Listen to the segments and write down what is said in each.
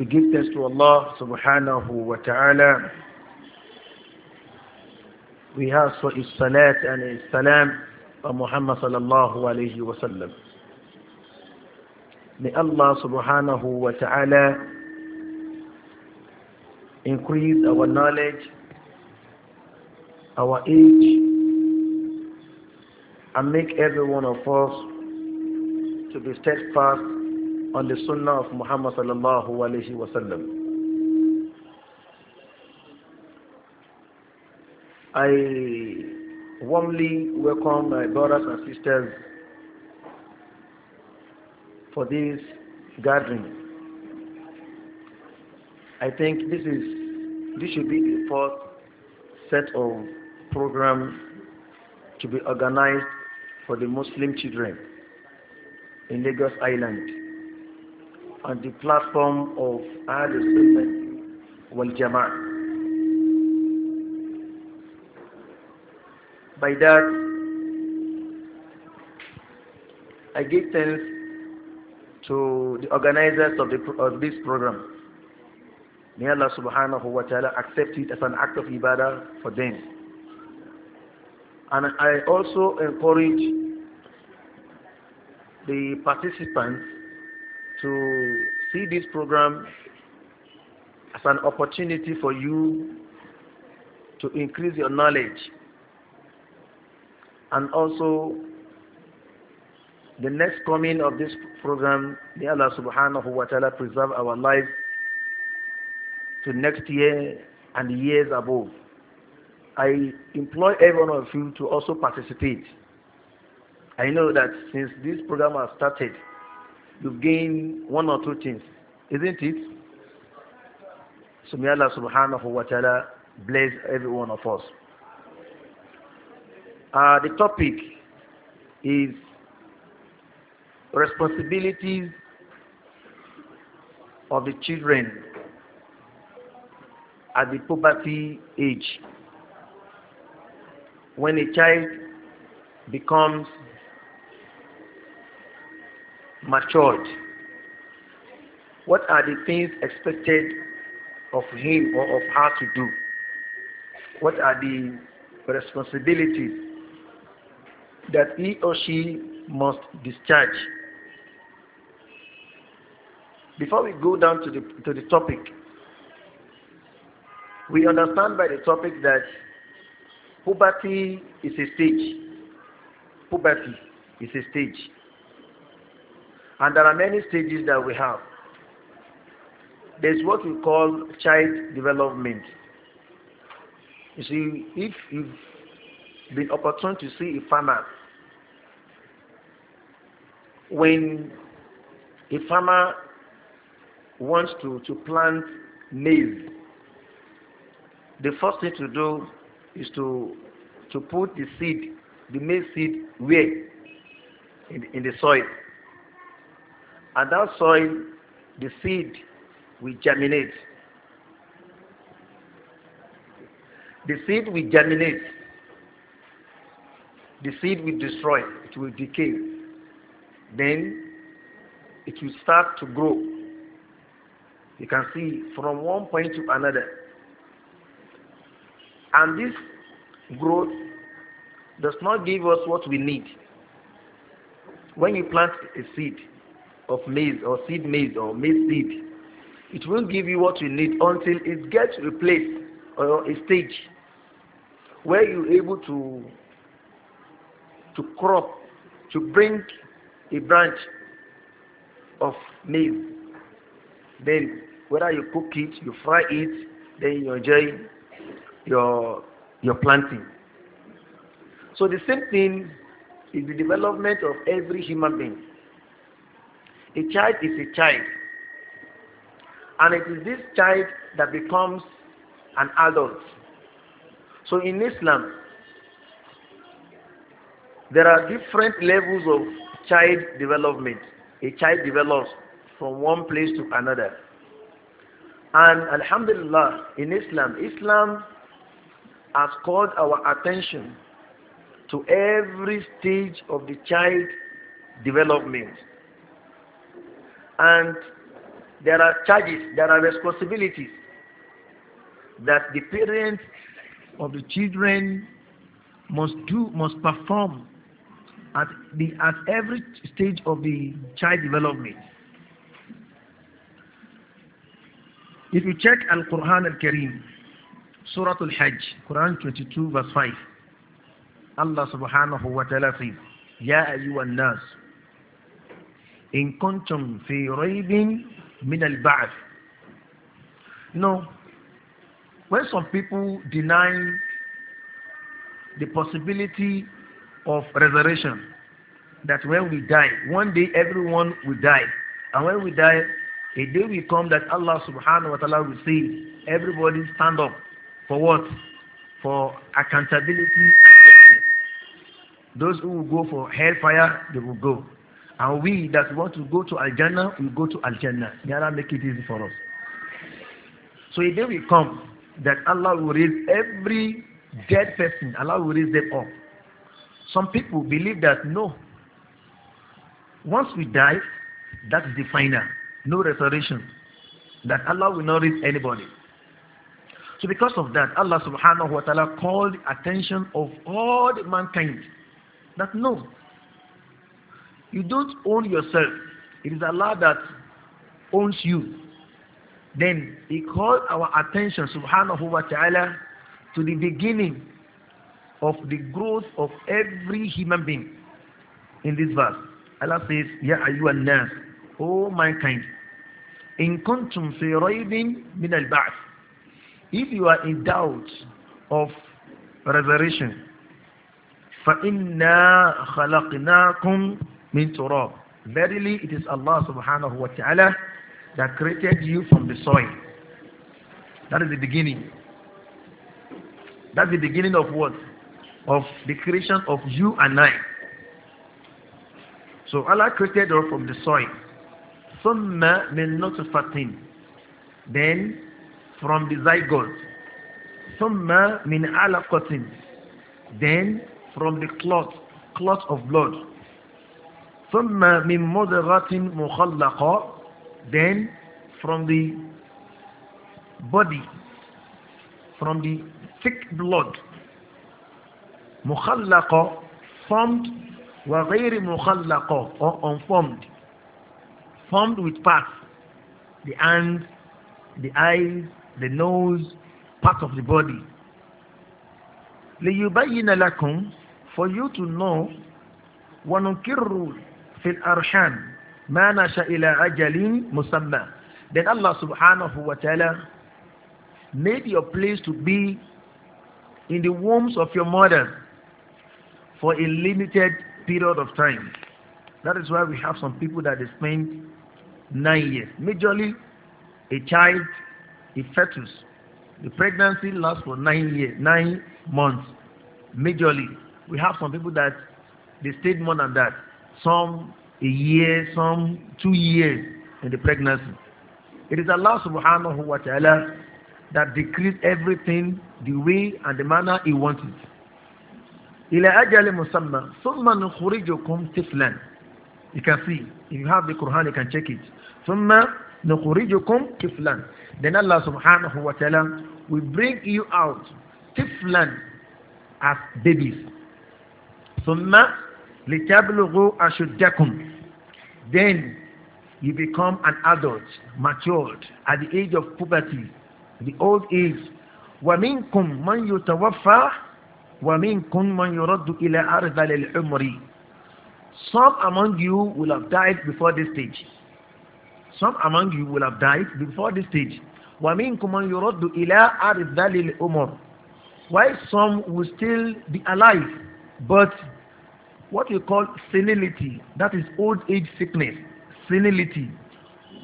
We give thanks to Allah subhanahu wa ta'ala. We ask for his salat and his salam on Muhammad sallallahu alayhi wa sallam. May Allah subhanahu wa ta'ala increase our knowledge, our age, and make every one of us to be steadfast on the sunnah of Muhammad sallallahu alayhi wa sallam. I warmly welcome my brothers and sisters for this gathering. I think this is this should be the fourth set of program to be organized for the Muslim children in Lagos Island on the platform of Ahl Sunnah wal Jama'ah. By that, I give thanks to the organizers of, the, of this program. May Allah subhanahu wa ta'ala accept it as an act of ibadah for them. And I also encourage the participants to see this program as an opportunity for you to increase your knowledge and also the next coming of this program may Allah subhanahu wa ta'ala preserve our life to next year and years above I employ every one of you to also participate I know that since this program has started you gain one or two things, isn't it? So may Allah subhanahu wa ta'ala bless every one of us. Uh, the topic is responsibilities of the children at the puberty age. When a child becomes matured? What are the things expected of him or of her to do? What are the responsibilities that he or she must discharge? Before we go down to the, to the topic, we understand by the topic that puberty is a stage. Puberty is a stage And there are many stages that we have. There's what we call child development. You see, if you've been opportune to see a farmer, when a farmer wants to, to plant maize, the first thing to do is to to put the seed, the maize seed, where in the, in the soil. And that soil, the seed will germinate. The seed will germinate. The seed will destroy, it will decay. Then it will start to grow. You can see from one point to another. And this growth does not give us what we need. When you plant a seed, of maize or seed maize or maize seed. It won't give you what you need until it gets replaced or a stage where you're able to to crop, to bring a branch of maize. Then whether you cook it, you fry it, then you enjoy your your planting. So the same thing is the development of every human being. A child is a child. And it is this child that becomes an adult. So in Islam, there are different levels of child development. A child develops from one place to another. And Alhamdulillah, in Islam, Islam has called our attention to every stage of the child development and there are charges, there are responsibilities that the parents of the children must do, must perform at the at every stage of the child development. If you check Al Quran Al Kareem, Surah Al Hajj, Quran 22, verse 5, Allah subhanahu wa ta'ala says, Ya al nas, in kuntum fi raybin min al-ba'th. No. When some people deny the possibility of resurrection, that when we die, one day everyone will die. And when we die, a day will come that Allah subhanahu wa ta'ala will say, everybody stand up. For what? For accountability. Those who will go for hellfire, they will go. And we that want to go to Al Jannah, we go to Al Jannah. May Allah make it easy for us. So a day will come that Allah will raise every dead person, Allah will raise them up. Some people believe that no. Once we die, that is the final. No resurrection. That Allah will not raise anybody. So because of that, Allah subhanahu wa ta'ala called attention of all mankind that no, You don't own yourself. It is Allah that owns you. Then He called our attention, subhanahu wa ta'ala, to the beginning of the growth of every human being. In this verse, Allah says, Ya ayyuhan nas, O mankind, in kuntum fi raybin min al ba'th. If you are in doubt of resurrection, فَإِنَّا خَلَقْنَاكُمْ min turab. Verily, it is Allah subhanahu wa ta'ala that created you from the soil. That is the beginning. That's the beginning of what? Of the creation of you and I. So Allah created us from the soil. ثُمَّ مِنْ نُطْفَةٍ Then from the zygote. ثُمَّ مِنْ عَلَقَةٍ Then from the clot, clot of blood. ثم من مضغة مخلقة then from the body from the thick blood مخلقة formed وغير مخلقة or unformed formed with parts the hands the eyes the nose part of the body ليبين لكم for you to know ونكر في الأرحام ما نشأ إلى أجل مسمى Then Allah subhanahu wa ta'ala made your place to be in the wombs of your mother for a limited period of time. That is why we have some people that they spend nine years. Majorly, a child, a fetus. The pregnancy lasts for nine years, nine months. Majorly, we have some people that they stayed more than that some a year, some two years in the pregnancy. It is Allah subhanahu wa ta'ala that decrees everything the way and the manner He wants it. إلى أجل مسمى ثم نخرجكم tiflan. You can see, if you have the Quran, you can check it. ثم نخرجكم tiflan. Then Allah subhanahu wa ta'ala will bring you out tiflan as babies. ثم litablugu ashuddakum. Then you become an adult, matured at the age of puberty, the old age. ومنكم من يتوفى man من ila إلى أرض umri. Some among you will have died before this stage. Some among you will have died before this stage. man من ila إلى أرض العمر. While some will still be alive, but what we call senility, that is old age sickness, senility,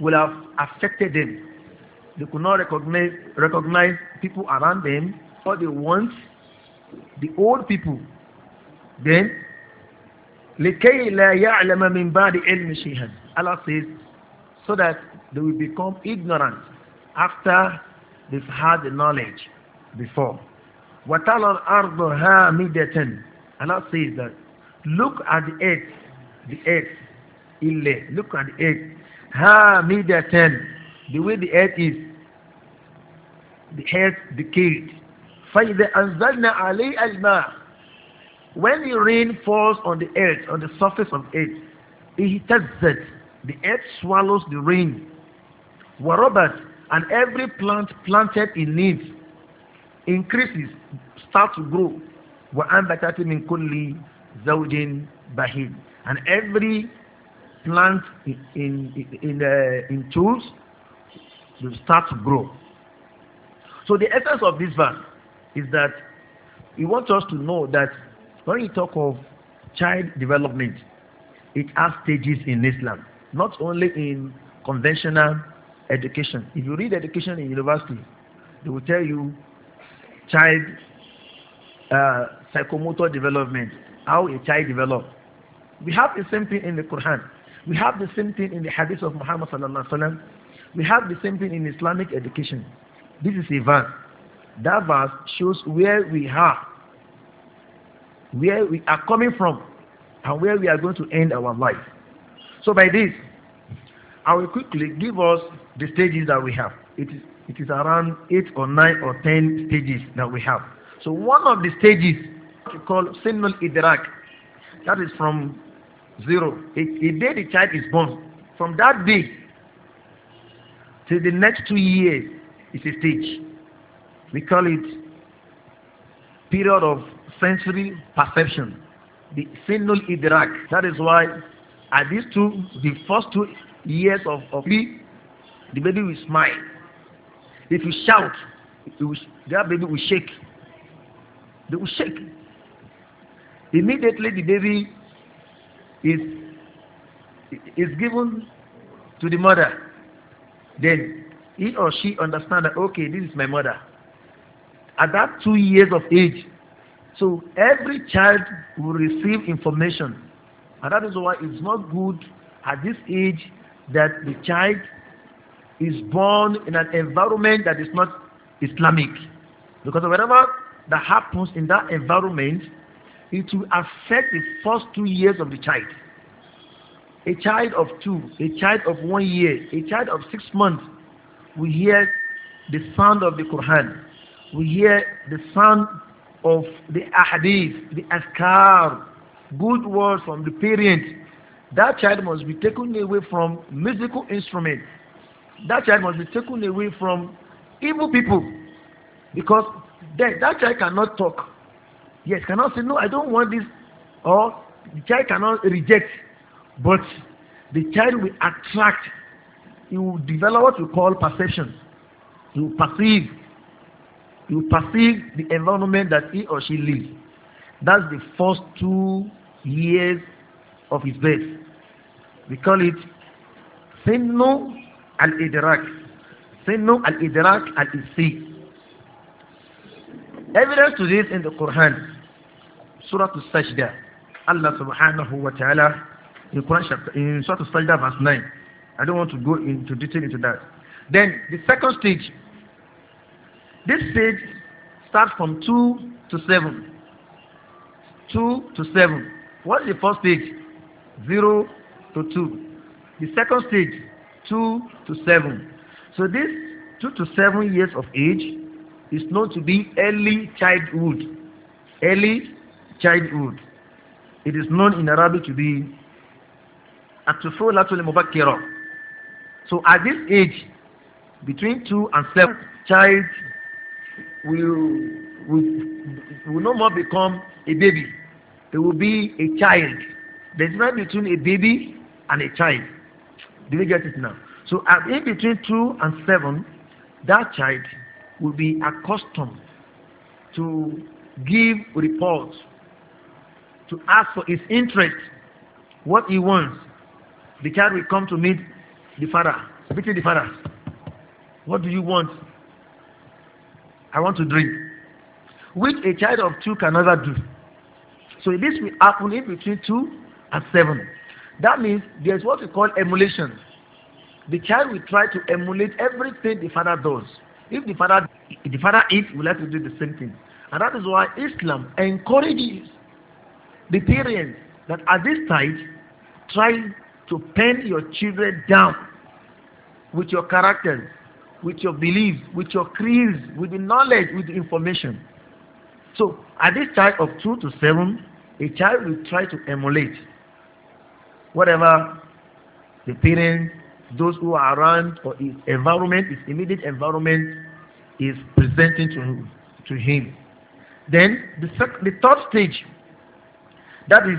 will have affected them. They could not recognize, recognize people around them, or they want the old people. Then, لِكَيْ لَا يَعْلَمَ مِنْ بَعْدِ عِلْمِ شَيْئًا Allah says, so that they will become ignorant after they've had the knowledge before. وَتَلَى الْأَرْضُ هَامِدَةً Allah says that look at the earth the earth ilẹ̀ look at the earth Ha, media ten. the way the earth is the earth decayed fayida anzalna alay alma when the rain falls on the earth on the surface of earth it ihtazzat the earth swallows the rain Warobat and every plant planted in it increases start to grow wa anbatati min kulli zawjin bahil. And every plant in, in, in, uh, in tools will start to grow. So the essence of this verse is that he wants us to know that when we talk of child development, it has stages in Islam, not only in conventional education. If you read education in university, they will tell you child uh, psychomotor development, how a child develops. We have the same thing in the Quran. We have the same thing in the hadith of Muhammad sallallahu alaihi wasallam. We have the same thing in Islamic education. This is a verse. That verse shows where we are, where we are coming from, and where we are going to end our life. So by this, I will quickly give us the stages that we have. It is, it is around eight or nine or ten stages that we have. So one of the stages called Sinul Idrak. That is from zero. The day the child is born, from that day till the next two years, is a stage. We call it period of sensory perception, the Sinul Idrak. That is why at these two, the first two years of, of three, the baby will smile. If you shout, will, that baby will shake. They will shake. Immediately the baby is, is given to the mother. Then he or she understand that, okay, this is my mother. At that two years of age, so every child will receive information. And that is why it's not good at this age that the child is born in an environment that is not Islamic. Because whatever that happens in that environment it will affect the first two years of the child. A child of two, a child of one year, a child of six months will hear the sound of the Quran, We hear the sound of the ahadith, the askar, good words from the parent. That child must be taken away from musical instruments. That child must be taken away from evil people because then that child cannot talk Yes, cannot say, no, I don't want this. Or the child cannot reject, but the child will attract. He will develop what we call perception. He will perceive. He will perceive the environment that he or she lives. That's the first two years of his birth. We call it Sinnu al-Idrak. Sinnu al-Idrak al-Isi. Evidence to this in the Quran suratu sajda allah subhanahu wa ta'ala in suratu sajda verse 9 i don't want to go into detail into that then the second stage this stage starts from 2 to 7 2 to 7 what is the first stage 0 to 2 the second stage 2 to 7 so this 2 to 7 years of age is known to be early childhood early childhood. It is known in Arabic to be Atufolatul Mubakira. So at this age, between two and seven, child will, will, will no more become a baby. They will be a child. There's a difference between a baby and a child. Do you get it now? So at in between two and seven, that child will be accustomed to give reports to ask for his interest, what he wants. The child will come to meet the father, speak the father. What do you want? I want to drink. Which a child of two can never do. So this will happen in between two and seven. That means there's what we call emulation. The child will try to emulate everything the father does. If the father if the father eats, we like to do the same thing. And that is why Islam encourages the parents that at this time try to pen your children down with your character, with your beliefs, with your creeds, with the knowledge, with the information. So at this time of two to seven, a child will try to emulate whatever the parents, those who are around, or his environment, his immediate environment is presenting to him. To him. Then the, the third stage That is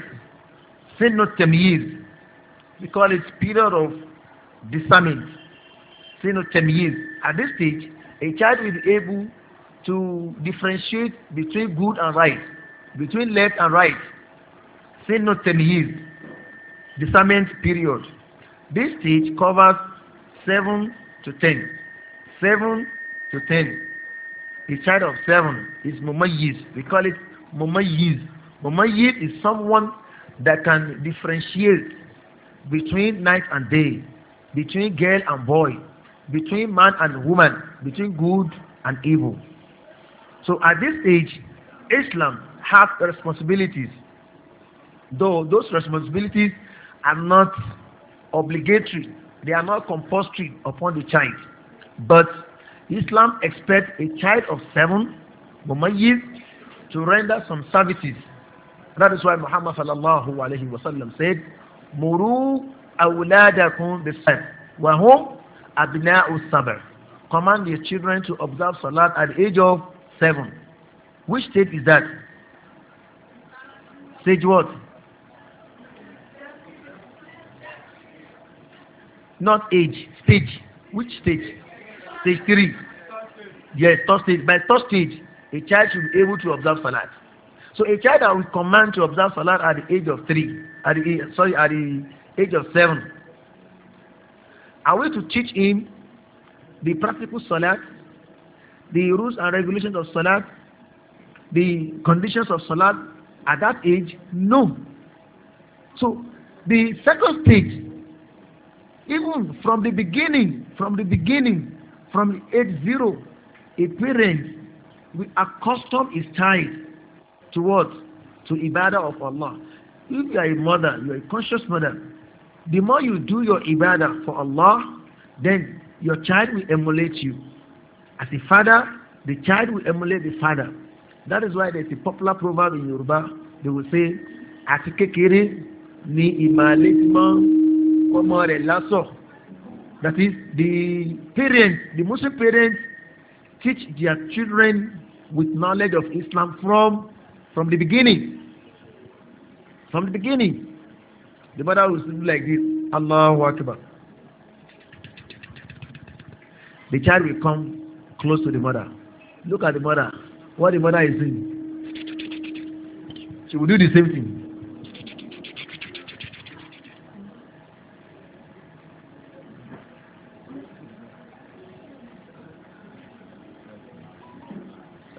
sinu tamyiz. We call it period of discernment. Sinu tamyiz. At this stage, a child will be able to differentiate between good and right, between left and right. Sinu tamyiz. Discernment period. This stage covers seven to ten. Seven to ten. A child of seven is mumayyiz. We call it mumayyiz. Mumayyid is someone that can differentiate between night and day, between girl and boy, between man and woman, between good and evil. So at this age, Islam has responsibilities, though those responsibilities are not obligatory, they are not compulsory upon the child. But Islam expects a child of seven, Mumayyid, to render some services That is why Muhammad sallallahu alayhi wa sallam said, Muru awladakum bisan wa hum abna'u sabr. Command your children to observe salat at the age of seven. Which state is that? Stage what? Not age, stage. Which stage? Stage three. Yes, third stage. By third stage, a child should be able to observe salat. So a child that we command to observe Salat at the age of three, at the sorry, at the age of seven, are we to teach him the practical Salat, the rules and regulations of Salat, the conditions of Salat at that age? No. So the second stage, even from the beginning, from the beginning, from age zero, a parent will accustom his child to what? To ibadah of Allah. If you are a mother, you are a conscious mother, the more you do your ibadah for Allah, then your child will emulate you. As a father, the child will emulate the father. That is why there's a popular proverb in Yoruba. They will say, "Ati kekere ni ìmàlẹ́ ti mọ́ That is, the parents, the Muslim parents teach their children with knowledge of Islam from from the beginning. From the beginning. The mother will sleep like this. Allahu Akbar. The child will come close to the mother. Look at the mother. What the mother is doing. She will do the same thing.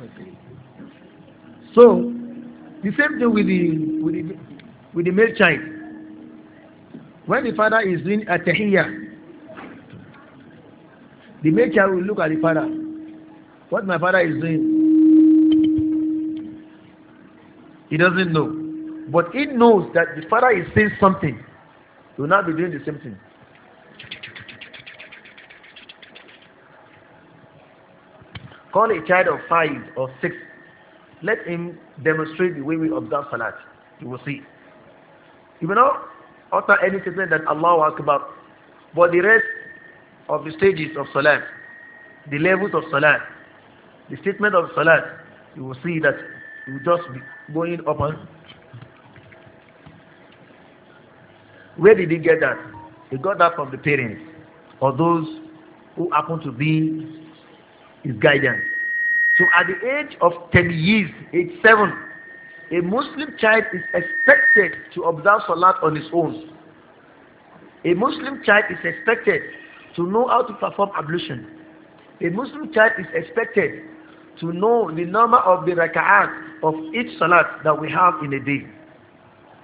Okay. So, The same thing with the, with the, with the male child. When the father is doing a tahiya, the male child will look at the father. What my father is doing, he doesn't know. But he knows that the father is saying something. He will not be doing the same thing. Call a child of five or six let him demonstrate the way we observe salat. You will see. You will not utter any statement that Allah Akbar. But the rest of the stages of salat, the levels of salat, the statement of salat, you will see that you will just be going up and where did he get that? He got that from the parents or those who happen to be his guidance. So at the age of 10 years, age 7, a Muslim child is expected to observe Salat on his own. A Muslim child is expected to know how to perform ablution. A Muslim child is expected to know the number of the raka'at of each salat that we have in a day.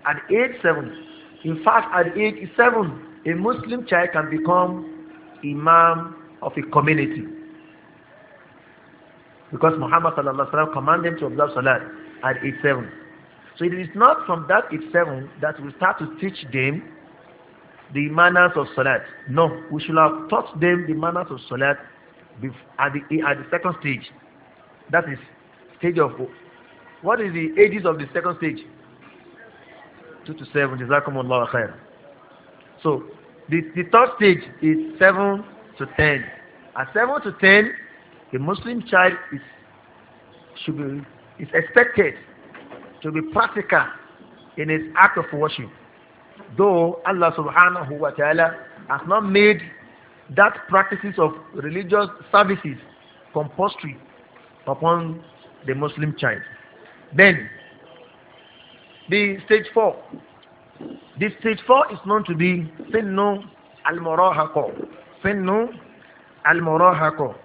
At age 7, in fact, at age 7, a Muslim child can become Imam of a community because Muhammad sallallahu alaihi wasallam commanded to observe salat at age seven. So it is not from that age seven that we start to teach them the manners of salat. No, we should have taught them the manners of salat at the at the second stage. That is stage of what is the ages of the second stage? Two to seven. Jazakumullah khair. So the, the third stage is seven to ten. At seven to ten, The Muslim child is should be is expected to be practical in his act of worship. Though Allah subhanahu wa ta'ala has not made that practices of religious services compulsory upon the Muslim child. Then, the stage four. This stage four is known to be Sinnu al-Murahaqo. Sinnu al-Murahaqo.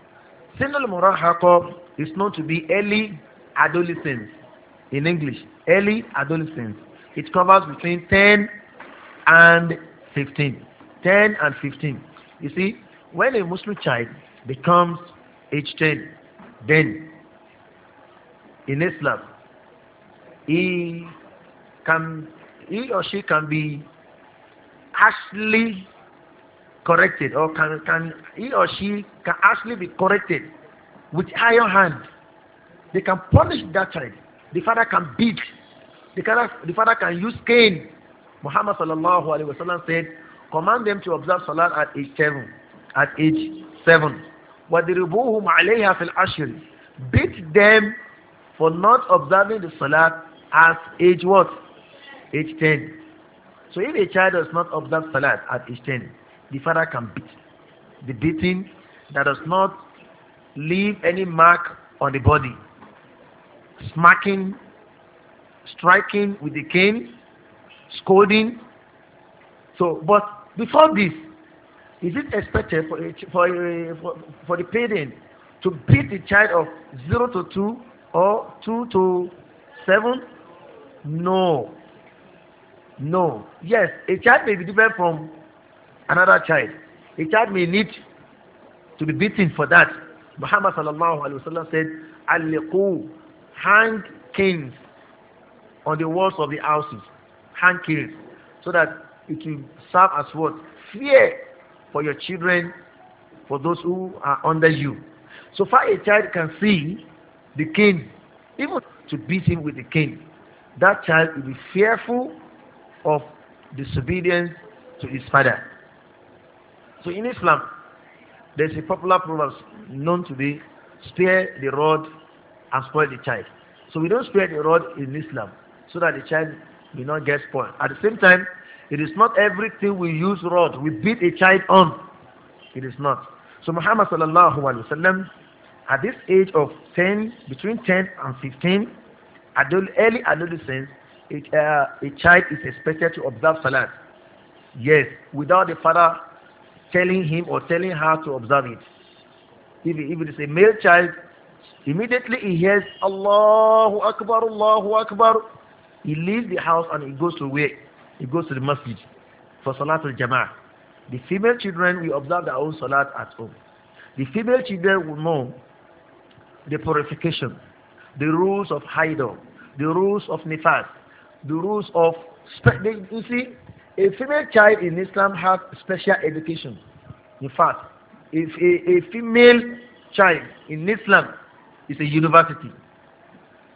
Sinal Murahako is known to be early adolescence in English. Early adolescence. It covers between 10 and 15. 10 and 15. You see, when a Muslim child becomes age 10, then in Islam, he can he or she can be actually corrected or can, can he or she can actually be corrected with iron hand. They can punish that child. The father can beat. The father, the father can use cane. Muhammad sallallahu alaihi wasallam said, command them to observe salat at age seven. At age seven. But the وَضِرِبُوهُمْ عَلَيْهَا فِي Ashir Beat them for not observing the salat at age what? Age ten. So if a child does not observe salat at age ten the father can beat. The beating that does not leave any mark on the body. Smacking, striking with the cane, scolding. So, but before this, is it expected for, for, for, for the parent to beat the child of 0 to 2 or 2 to 7? No. No. Yes, a child may be different from another child. A child may need to be beaten for that. Muhammad sallallahu alayhi wa sallam said, Aliqu, hang canes on the walls of the houses. Hang canes. So that it will serve as what? Fear for your children, for those who are under you. So far a child can see the cane, even to beat him with the cane, that child will be fearful of disobedience to his father. So in Islam, there's a popular proverb known to be spare the rod and spoil the child. So we don't spare the rod in Islam so that the child will not get spoiled. At the same time, it is not everything we use rod, we beat a child on. It is not. So Muhammad sallallahu alayhi wa sallam, at this age of 10, between 10 and 15, early adolescence, it, uh, a child is expected to observe Salat. Yes, without the father telling him or telling her to observe it. If, if it is a male child, immediately he hears Allahu Akbar, Allahu Akbar. He leaves the house and he goes to where? He goes to the masjid for Salatul Jama'ah. The female children will observe their own Salat at home. The female children will know the purification, the rules of Haidor, the rules of Nifas, the rules of... You see, A female child in Islam has special education. In fact, if a, a female child in Islam is a university,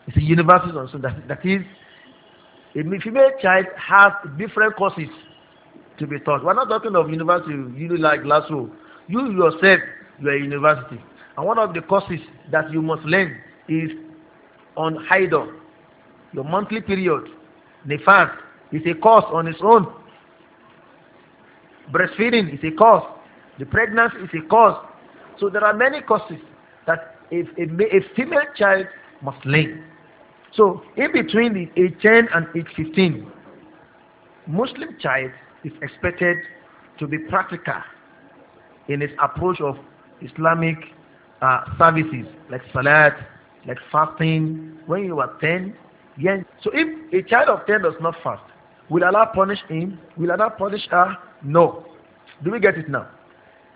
it's a university also. That, that is, a female child has different courses to be taught. We're not talking of university, you know, like Lasso. You yourself, you are a university. And one of the courses that you must learn is on Haidor, your monthly period. Nefas is a course on its own Breastfeeding is a cause. The pregnancy is a cause. So there are many causes that a, a, a female child must lay. So in between the age 10 and age 15, Muslim child is expected to be practical in his approach of Islamic uh, services like salat, like fasting. When you are 10, yes. So if a child of 10 does not fast, will Allah punish him? Will Allah punish her? No. Do we get it now?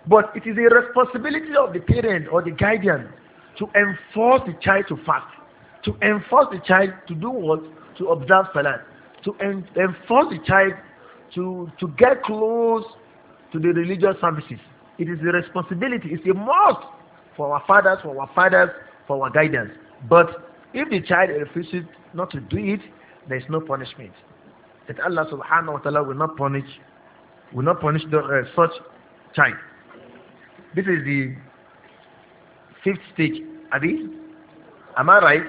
But it is a responsibility of the parent or the guardian to enforce the child to fast, to enforce the child to do what? To observe Salah, to en enforce the child to, to get close to the religious services. It is a responsibility, it's a must for our fathers, for our fathers, for our guidance. But if the child refuses not to do it, there is no punishment. That Allah subhanahu wa ta'ala will not punish will not punish the, uh, such child. This is the fifth stage. Abi, am I right?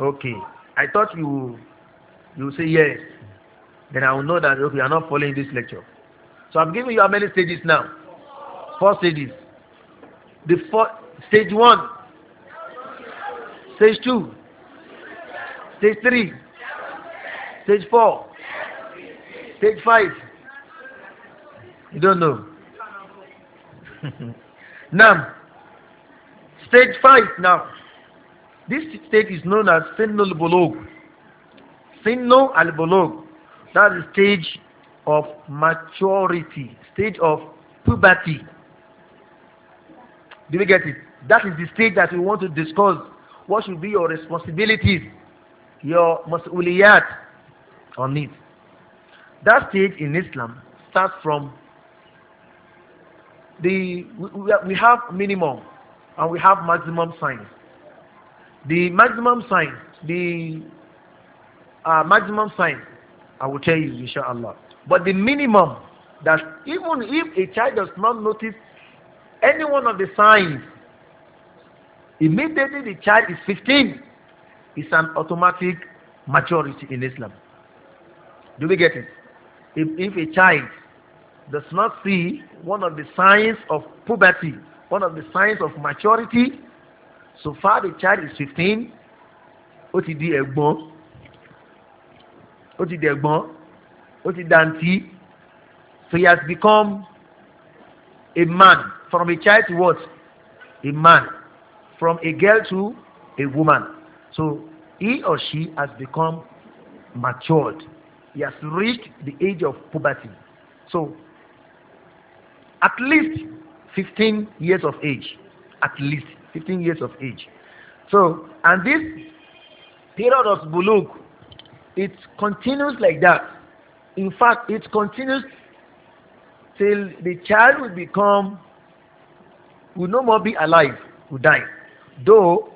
Okay. I thought you you say yes. Then I will know that okay, you are not following this lecture. So I'm giving you how many stages now? Four stages. The four, stage one, stage two, stage three, stage four, stage five, You don't know. now, stage five now. This stage is known as Sinnul Bulog. Sinno al Bulog. That's the stage of maturity, stage of puberty. Do you get it? That is the stage that we want to discuss. What should be your responsibilities, your mas'uliyat on it? That stage in Islam starts from the we we have minimum and we have maximum signs. The maximum sign, the uh, maximum sign, I will tell you, inshallah. But the minimum that even if a child does not notice any one of the signs, immediately the child is 15, it's an automatic maturity in Islam. Do we get it? If, if a child does not see one of the signs of puberty, one of the signs of maturity, so far the child is 15, ó ti di ẹ̀gbọ́n, ó ti di ẹ̀gbọ́n, ó ti dàntí, so he has become a man from a child to what? A man. From a girl to a woman. So he or she has become matured. He has reached the age of puberty. So at least fifteen years of age. At least fifteen years of age. So, and this period of buluk, it continues like that. In fact, it continues till the child will become, will no more be alive, will die. Though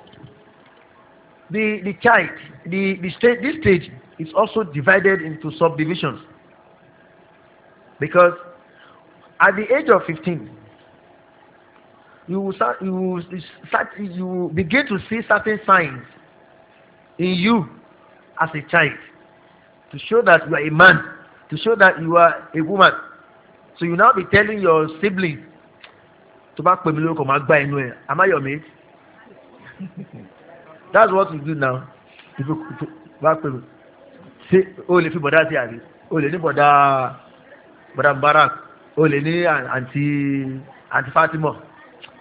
the, the child, the, the stage, this stage is also divided into subdivisions. Because at the age of fifteen, you will start you will start you will begin to see certain signs in you as a child to show that you are a man to show that you are a woman so you now be telling your sibling to bá pè mí lórúkọ máa gbá ẹnu ẹ am I your mate that's what you do now if you bá pè mí ṣé o lè fi bọ̀dá sí àbí o lè ní bọ̀dá bọ̀dá mubarak o lè ní àǹtí àǹtí fatima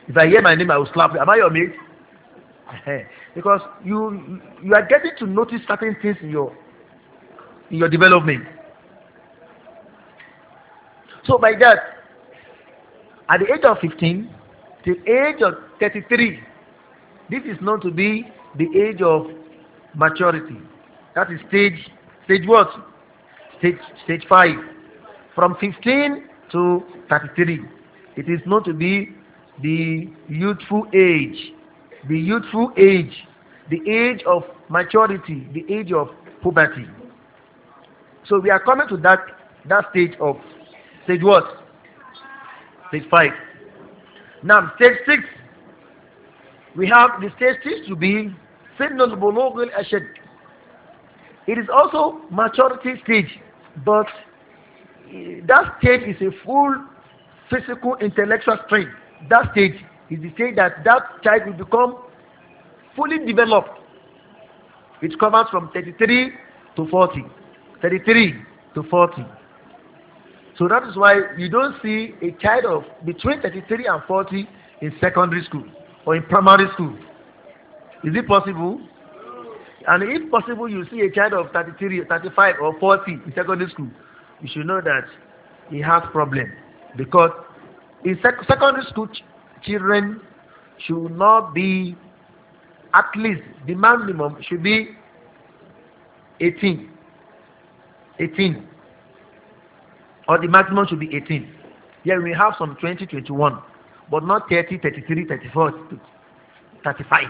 if i hear my name i will slap you am i your mate because you you are getting to notice certain things in your in your development so by that at the age of fifteen till age of thirty-three this is known to be the age of maturity that is stage stage what stage stage five from fifteen to thirty-three, It is known to be the youthful age. The youthful age. The age of maturity. The age of puberty. So we are coming to that, that stage of, stage what? Stage five. Now, stage six, We have the stage 6 to be Sinnul Bulugh al It is also maturity stage, but that stage is a full physical intellectual strength that stage is the stage that that child will become fully developed it covers from thirty-three to forty, thirty-three to forty. so that is why you don't see a child of between thirty-three and forty in secondary school or in primary school is it possible and if possible you see a child of thirty-three, thirty-five, or forty in secondary school you should know that he has problem because in sec secondary school ch children should not be at least the minimum should be 18 18 or the maximum should be 18 yeah we have some 20 21 but not 30 33 34 35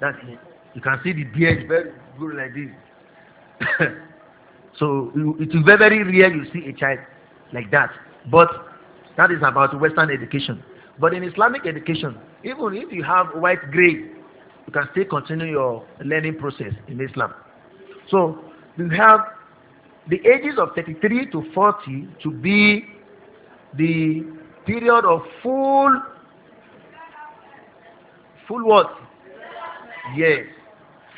that's it you can see the beard very good like this So it is very, very rare you see a child like that. But that is about Western education. But in Islamic education, even if you have white grade, you can still continue your learning process in Islam. So we have the ages of 33 to 40 to be the period of full, full what? Yes,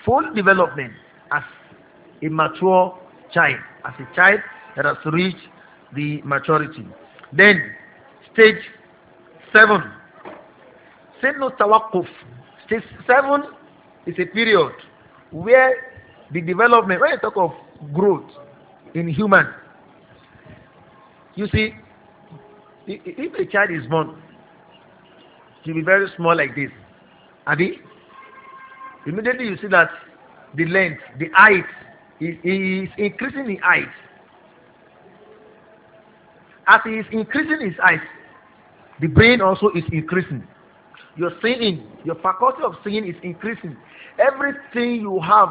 full development as a mature child, as a child that has reached the maturity. Then, stage seven, Sinu Tawakuf. Stage seven is a period where the development, when you talk of growth in human, you see, if a child is born, she'll be very small like this. Abi, immediately you see that the length, the height, He, is increasing in height. As he is increasing his height, the brain also is increasing. Your seeing, your faculty of seeing is increasing. Everything you have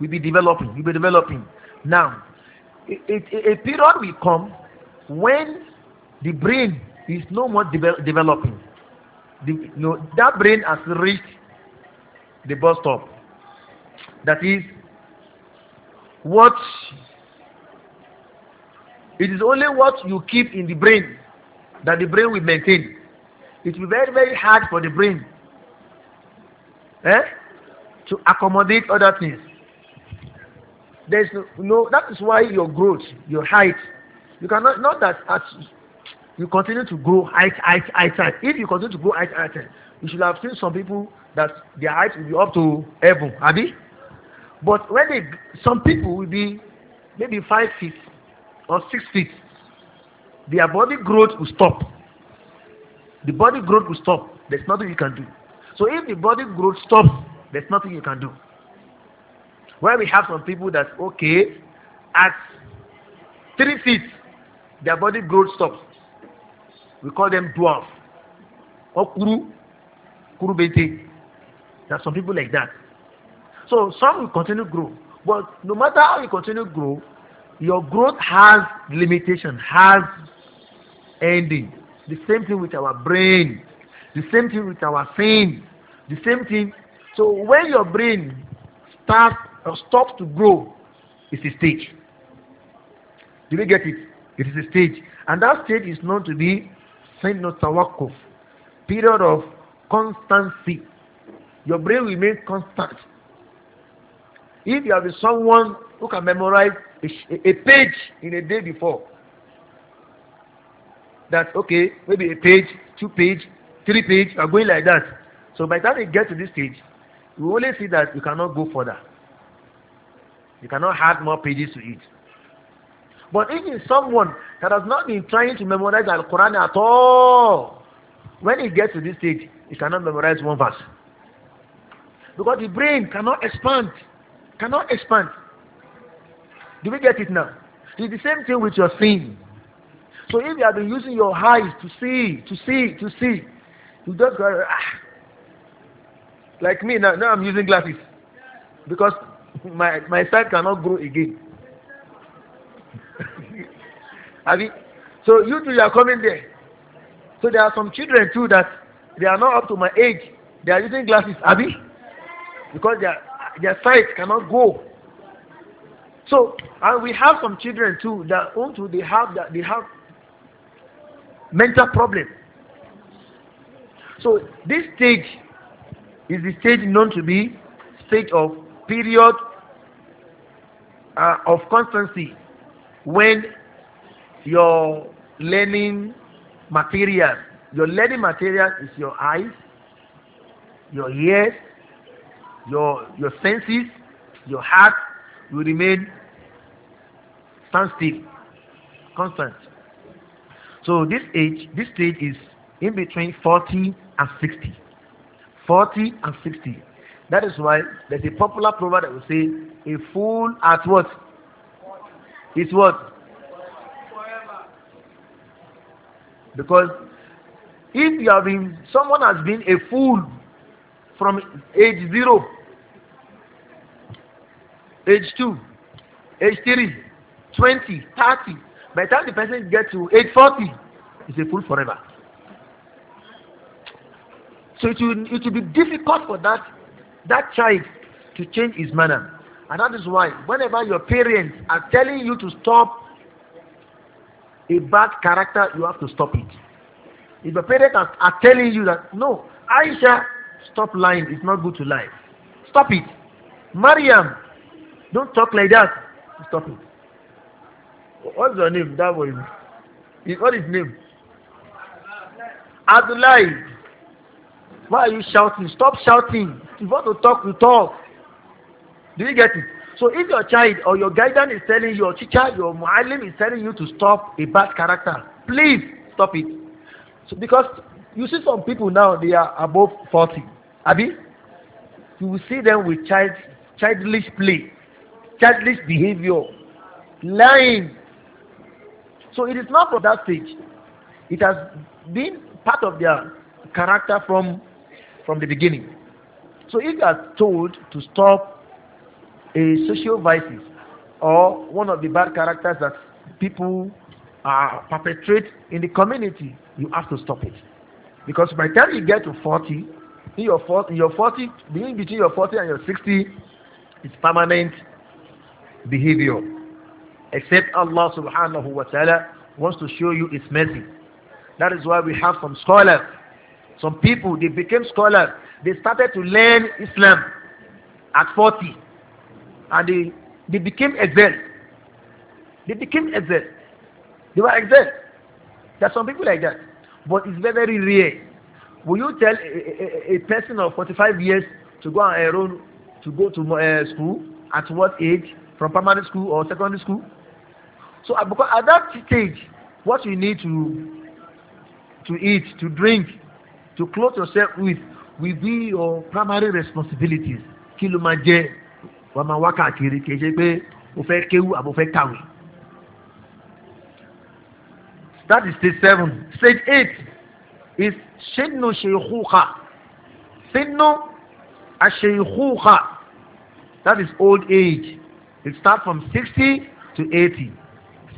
will be developing. Will be developing. Now, it, it, a period will come when the brain is no more de developing. The, you know, that brain has reached the bus stop. That is, what it is only what you keep in the brain that the brain will maintain it will be very very hard for the brain eh, to accommodate other things there is no, that is why your growth your height you cannot not that as you continue to grow height height height height if you continue to grow height height height you should have seen some people that their height will be up to heaven abi. Right? but when they some people will be maybe five feet or six feet their body growth will stop the body growth will stop there's nothing you can do so if the body growth stops there's nothing you can do where we have some people that okay at three feet their body growth stops we call them dwarf Okuru, kuru kurubete there are some people like that So some will continue grow, but no matter how you continue grow, your growth has limitation, has ending. The same thing with our brain, the same thing with our sin, the same thing. So when your brain starts or uh, stops to grow, it's a stage. Do you get it? It is a stage. And that stage is known to be Sinotawakov, period of constancy. Your brain remains constant If you have someone who can memorize a, a page in a day before, that okay, maybe a page, two page, three page, you are going like that. So by the time you get to this stage, you only see that you cannot go further. You cannot add more pages to it. But if it's someone that has not been trying to memorize Al Quran at all, when he gets to this stage, he cannot memorize one verse. Because the brain cannot expand. cannot expand. Do we get it now? It's the same thing with your seeing. So if you have been using your eyes to see, to see, to see, you just go, ah. Like me now, now I'm using glasses because my my sight cannot grow again. have you? So you two, are coming there. So there are some children too that they are not up to my age. They are using glasses, Abby, because they are their sight cannot go. So, and we have some children too that want they have, that they have mental problem. So, this stage is the stage known to be stage of period uh, of constancy when your learning material, your learning material is your eyes, your ears, your your senses, your heart will remain standstill, constant. So this age, this stage is in between 40 and 60. 40 and 60. That is why there's a popular proverb that will say, a fool at what? Is what? Because if you have been, someone has been a fool from age zero age two age three twenty thirty by the time the person get to age forty he's a fool forever so it will it will be difficult for that that child to change his manner and that is why whenever your parents are telling you to stop a bad character you have to stop it if your parents are, are telling you that no aisha stop lying it's not good to lie stop it mariam Don't talk like that. Stop it. What's your name? That boy. What is his name? Adulai. Why are you shouting? Stop shouting. If you want to talk, you talk. Do you get it? So if your child or your guidance is telling you, your teacher, your mu'allim is telling you to stop a bad character, please stop it. So because you see some people now, they are above forty, Abi? You will see them with child, childish play childish behavior, lying. So it is not from that stage. It has been part of their character from from the beginning. So if you are told to stop a social vices or one of the bad characters that people are uh, perpetrate in the community, you have to stop it. Because by the time you get to forty, in your forty, in your 40 between your forty and your sixty, it's permanent behavior except Allah subhanahu wa ta'ala wants to show you it's mercy. That is why we have some scholars. Some people, they became scholars. They started to learn Islam at 40. And they, they became exiled. They became exiled. They were exiled. There are some people like that. But it's very, very rare. Will you tell a, a, a person of 45 years to go on her own, to go to uh, school at what age? from primary school or secondary school. So because at that stage, what you need to to eat, to drink, to clothe yourself with will be your primary responsibilities. Kí ló máa jẹ wàá máa wá káàkiri kì í ṣe pé o fẹ́ kéwú àbò fẹ́ kàwé. That is stage seven. Stage eight is ṣẹ́nu ṣèkúkà. Ṣẹ́nu àṣèkúkà. That is old age. It starts from 60 to 80.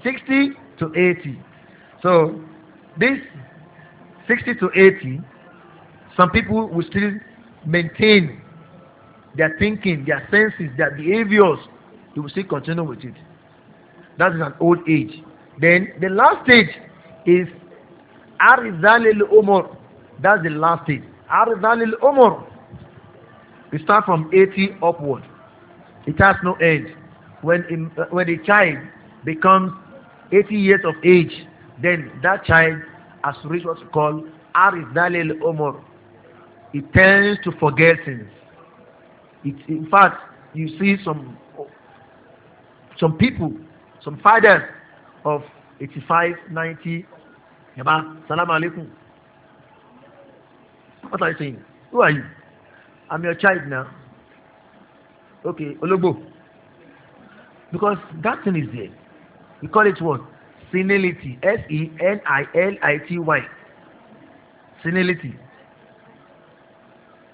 60 to 80. So this 60 to 80, some people will still maintain their thinking, their senses, their behaviors. They will still continue with it. That is an old age. Then the last stage is Arizalil Omar. That's the last stage. Arizalil Omar. We start from 80 upward. It has no end when, a, uh, when a child becomes 80 years of age, then that child has reached what's called Aridalil Omar. He tends to forget things. It, in fact, you see some some people, some fathers of 85, 90, Yaba, Salam Alaikum. What are you saying? Who are you? I'm your child now. Okay, Ologbo because that thing is there we call it what senility s-e-n-i-l-i-t-y senility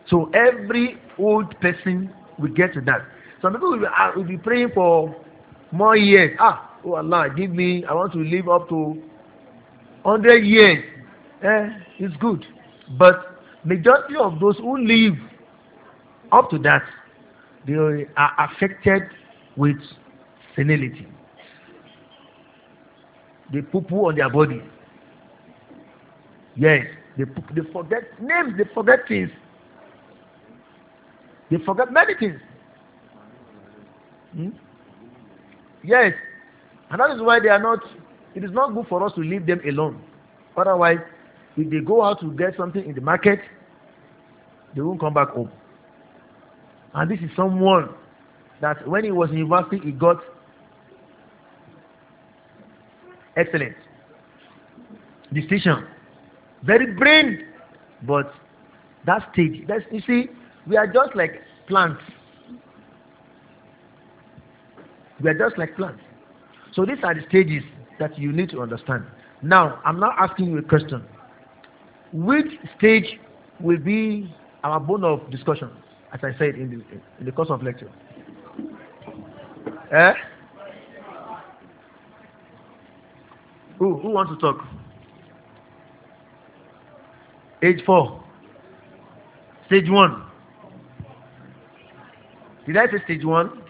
so every old person will get to that some people will be, uh, will be praying for more years ah oh allah give me i want to live up to hundred years eh it's good but majority of those who live up to that they are affected with senility they poopoo on their body yes they poo they forget names they forget things they forget many things hmm? yes and that is why they are not it is not good for us to leave them alone otherwise if they go out to get something in the market they won't come back home and this is someone that when he was in university he got Excellent. distinction very brain but that stage that's you see we are just like plants we are just like plants so these are the stages that you need to understand now i'm now asking you a question which stage will be our bone of discussion as i said in the in the course of lecture eh Who, who wants to talk? Age four. Stage one. Did I say stage one?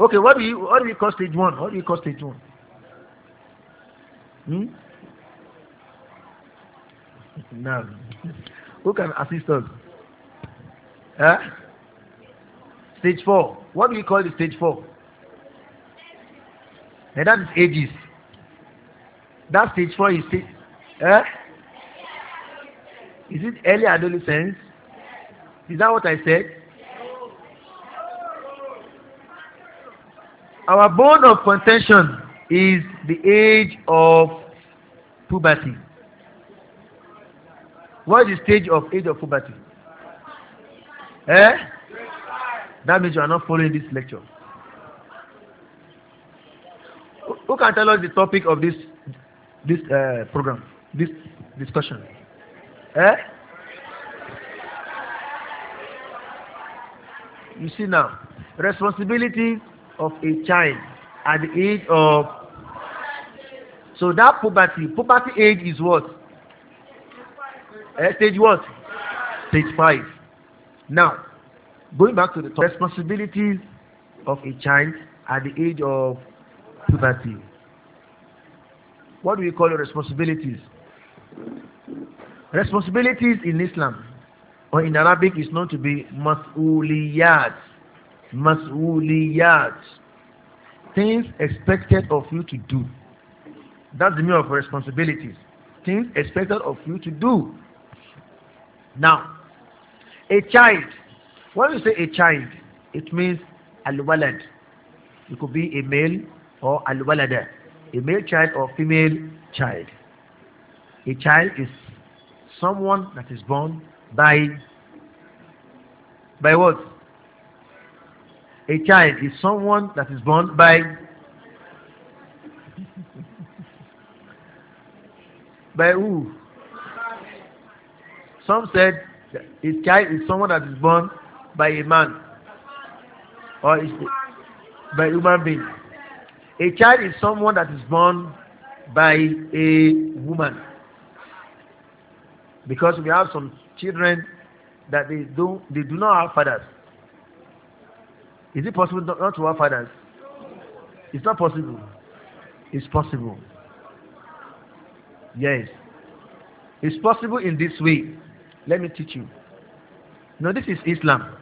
Okay, what do you what do you call stage one? What do you call stage one? Hmm? Now, who can assist us? Huh? Stage four. What do you call the stage four? And that is ages. That stage four is stage. Eh? Is it early adolescence? Is that what I said? Our bone of contention is the age of puberty. What is the stage of age of puberty? Eh? That means you are not following this lecture. Who can tell us the topic of this this uh, program, this discussion. Eh? You see now, responsibility of a child at the age of so that puberty puberty age is what eh, stage what stage five now going back to the top responsibilities of a child at the age of puberty What do we call your responsibilities? Responsibilities in Islam or in Arabic is known to be mas'uliyat. Mas'uliyat. Things expected of you to do. That's the meaning of responsibilities. Things expected of you to do. Now, a child. When you say a child, it means al-walad. It could be a male or al-walada a male child or female child. A child is someone that is born by by what? A child is someone that is born by by who? Some said a child is someone that is born by a man or is by human being. A child is someone that is born by a woman. Because we have some children that they do they do not have fathers. Is it possible not to have fathers? It's not possible. It's possible. Yes. It's possible in this way. Let me teach you. Now this is Islam.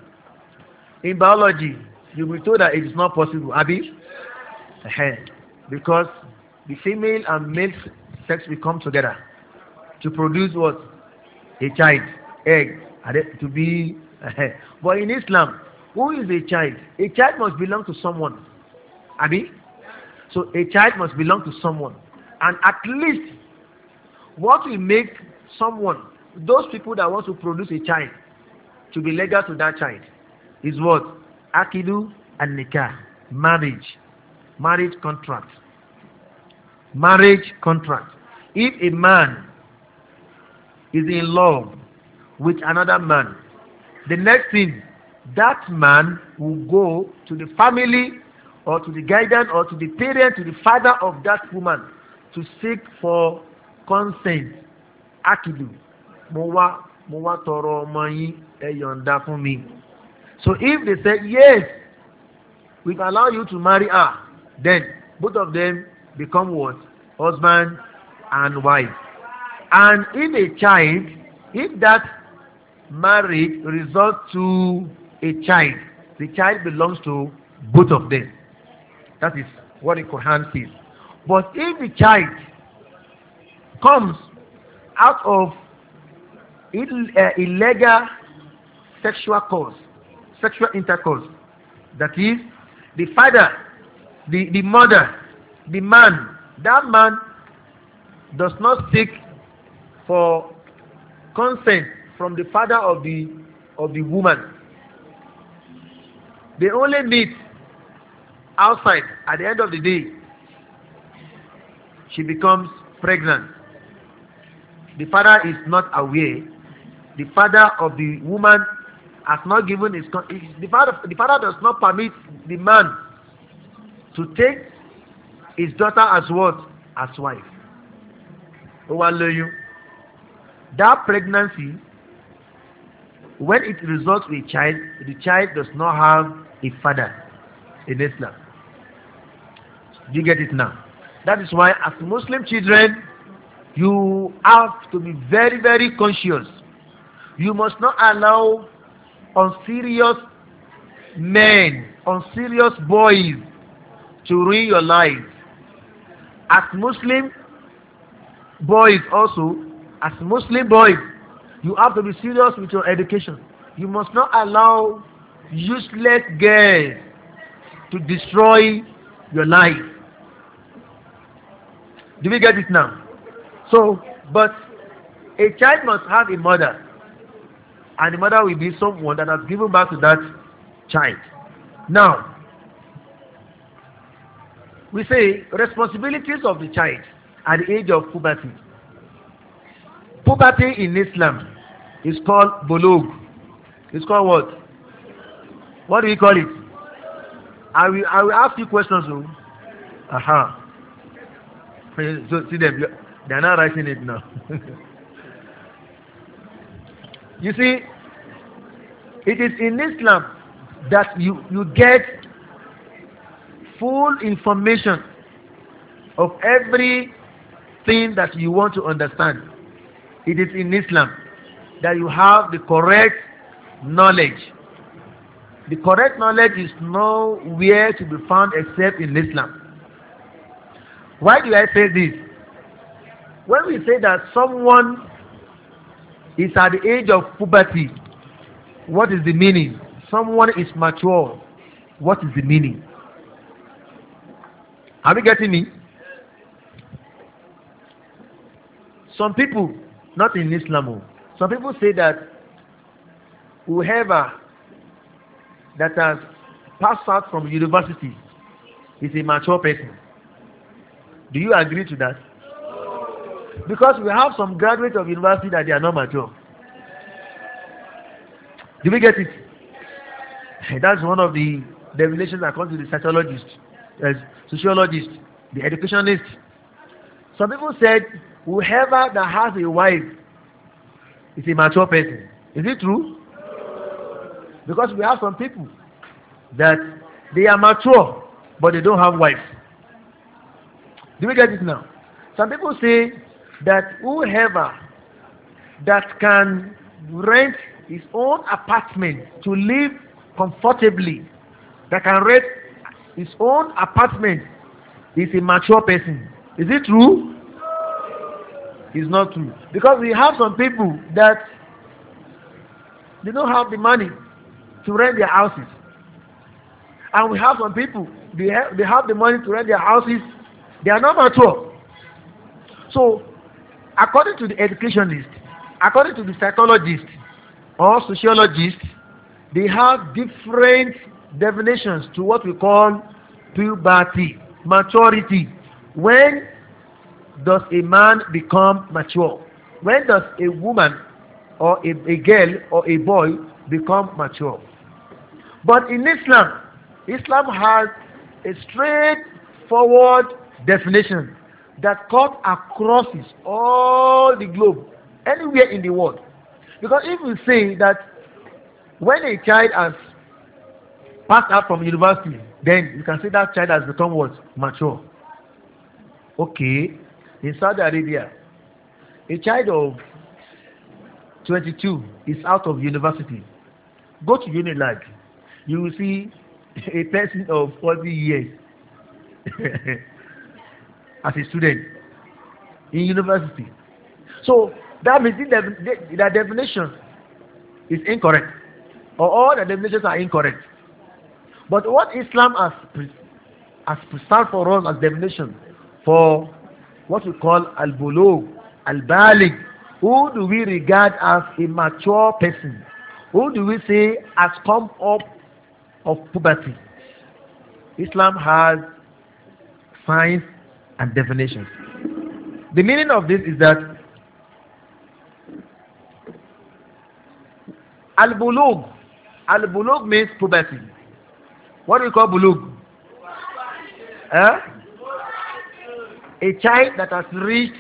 In biology, you will be told that it is not possible. Abi? because the female and male sex will come together to produce what a child egg to be but in Islam who is a child a child must belong to someone abi so a child must belong to someone and at least what will make someone those people that want to produce a child to be legal to that child is what akidu and nikah marriage marriage contract marriage contract if a man is in love with another man the next thing that man will go to the family or to the guardian or to the parent to the father of that woman to seek for consent akidu mo wá mo wá tọrọ ọmọ yín ẹ yọ̀ǹda fún mi so if they say yes we allow you to marry her Then both of them become what? Husband and wife. And in a child, if that marriage results to a child, the child belongs to both of them. That is what the Quran says. But if the child comes out of uh, illegal sexual cause, sexual intercourse. That is, the father the the mother the man that man does not seek for consent from the father of the of the woman they only meet outside at the end of the day she becomes pregnant the father is not aware the father of the woman has not given his the father the father does not permit the man to take his daughter as what? As wife. Ó wá lóyún. That pregnancy, when it results with child, the child does not have a father in Islam. Do you get it now? That is why as Muslim children, you have to be very, very conscious. You must not allow unserious men, unserious boys to ruin your life. As Muslim boys also, as Muslim boys, you have to be serious with your education. You must not allow useless girls to destroy your life. Do we get it now? So, but a child must have a mother, and the mother will be someone that has given birth to that child. Now, we say responsibilities of the child at the age of puberty. Puberty in Islam is called bulug. It's called what? What do we call it? I will, I will ask you questions. O. Uh -huh. So, see them, they are not writing it now. you see, it is in Islam that you, you get full information of every thing that you want to understand. It is in Islam that you have the correct knowledge. The correct knowledge is nowhere to be found except in Islam. Why do I say this? When we say that someone is at the age of puberty, what is the meaning? Someone is mature, what is the meaning? Are you getting me? Some people, not in Islam, oh. some people say that whoever that has passed out from university is a mature person. Do you agree to that? Because we have some graduates of university that they are not mature. Do we get it? That's one of the the relations that comes to the psychologist sociologist, the educationist. Some people said, whoever that has a wife is a mature person. Is it true? Because we have some people that they are mature, but they don't have wife. Do we get it now? Some people say that whoever that can rent his own apartment to live comfortably, that can rent his own apartment is a mature person is it true it's not true because we have some people that they don't have the money to rent their houses and we have some people they have, they have the money to rent their houses they are not mature so according to the educationist according to the psychologist or sociologist they have different definitions to what we call puberty, maturity. When does a man become mature? When does a woman or a, a girl or a boy become mature? But in Islam, Islam has a straightforward definition that cuts across all the globe, anywhere in the world. Because if we say that when a child has pass out from university then you can say that child has become what mature okay in saudi arabia a child of 22 is out of university go to unilag you will see a person of 40 years as a student in university so that means the, the, the definition is incorrect or all the definitions are incorrect But what Islam has, pre- has preserved for us as definition for what we call al bulug, al-baligh, who do we regard as a mature person? Who do we say has come up of puberty? Islam has signs and definitions. The meaning of this is that al bulug, al bulug means puberty. What do you call bulug? Huh? Eh? A child that has reached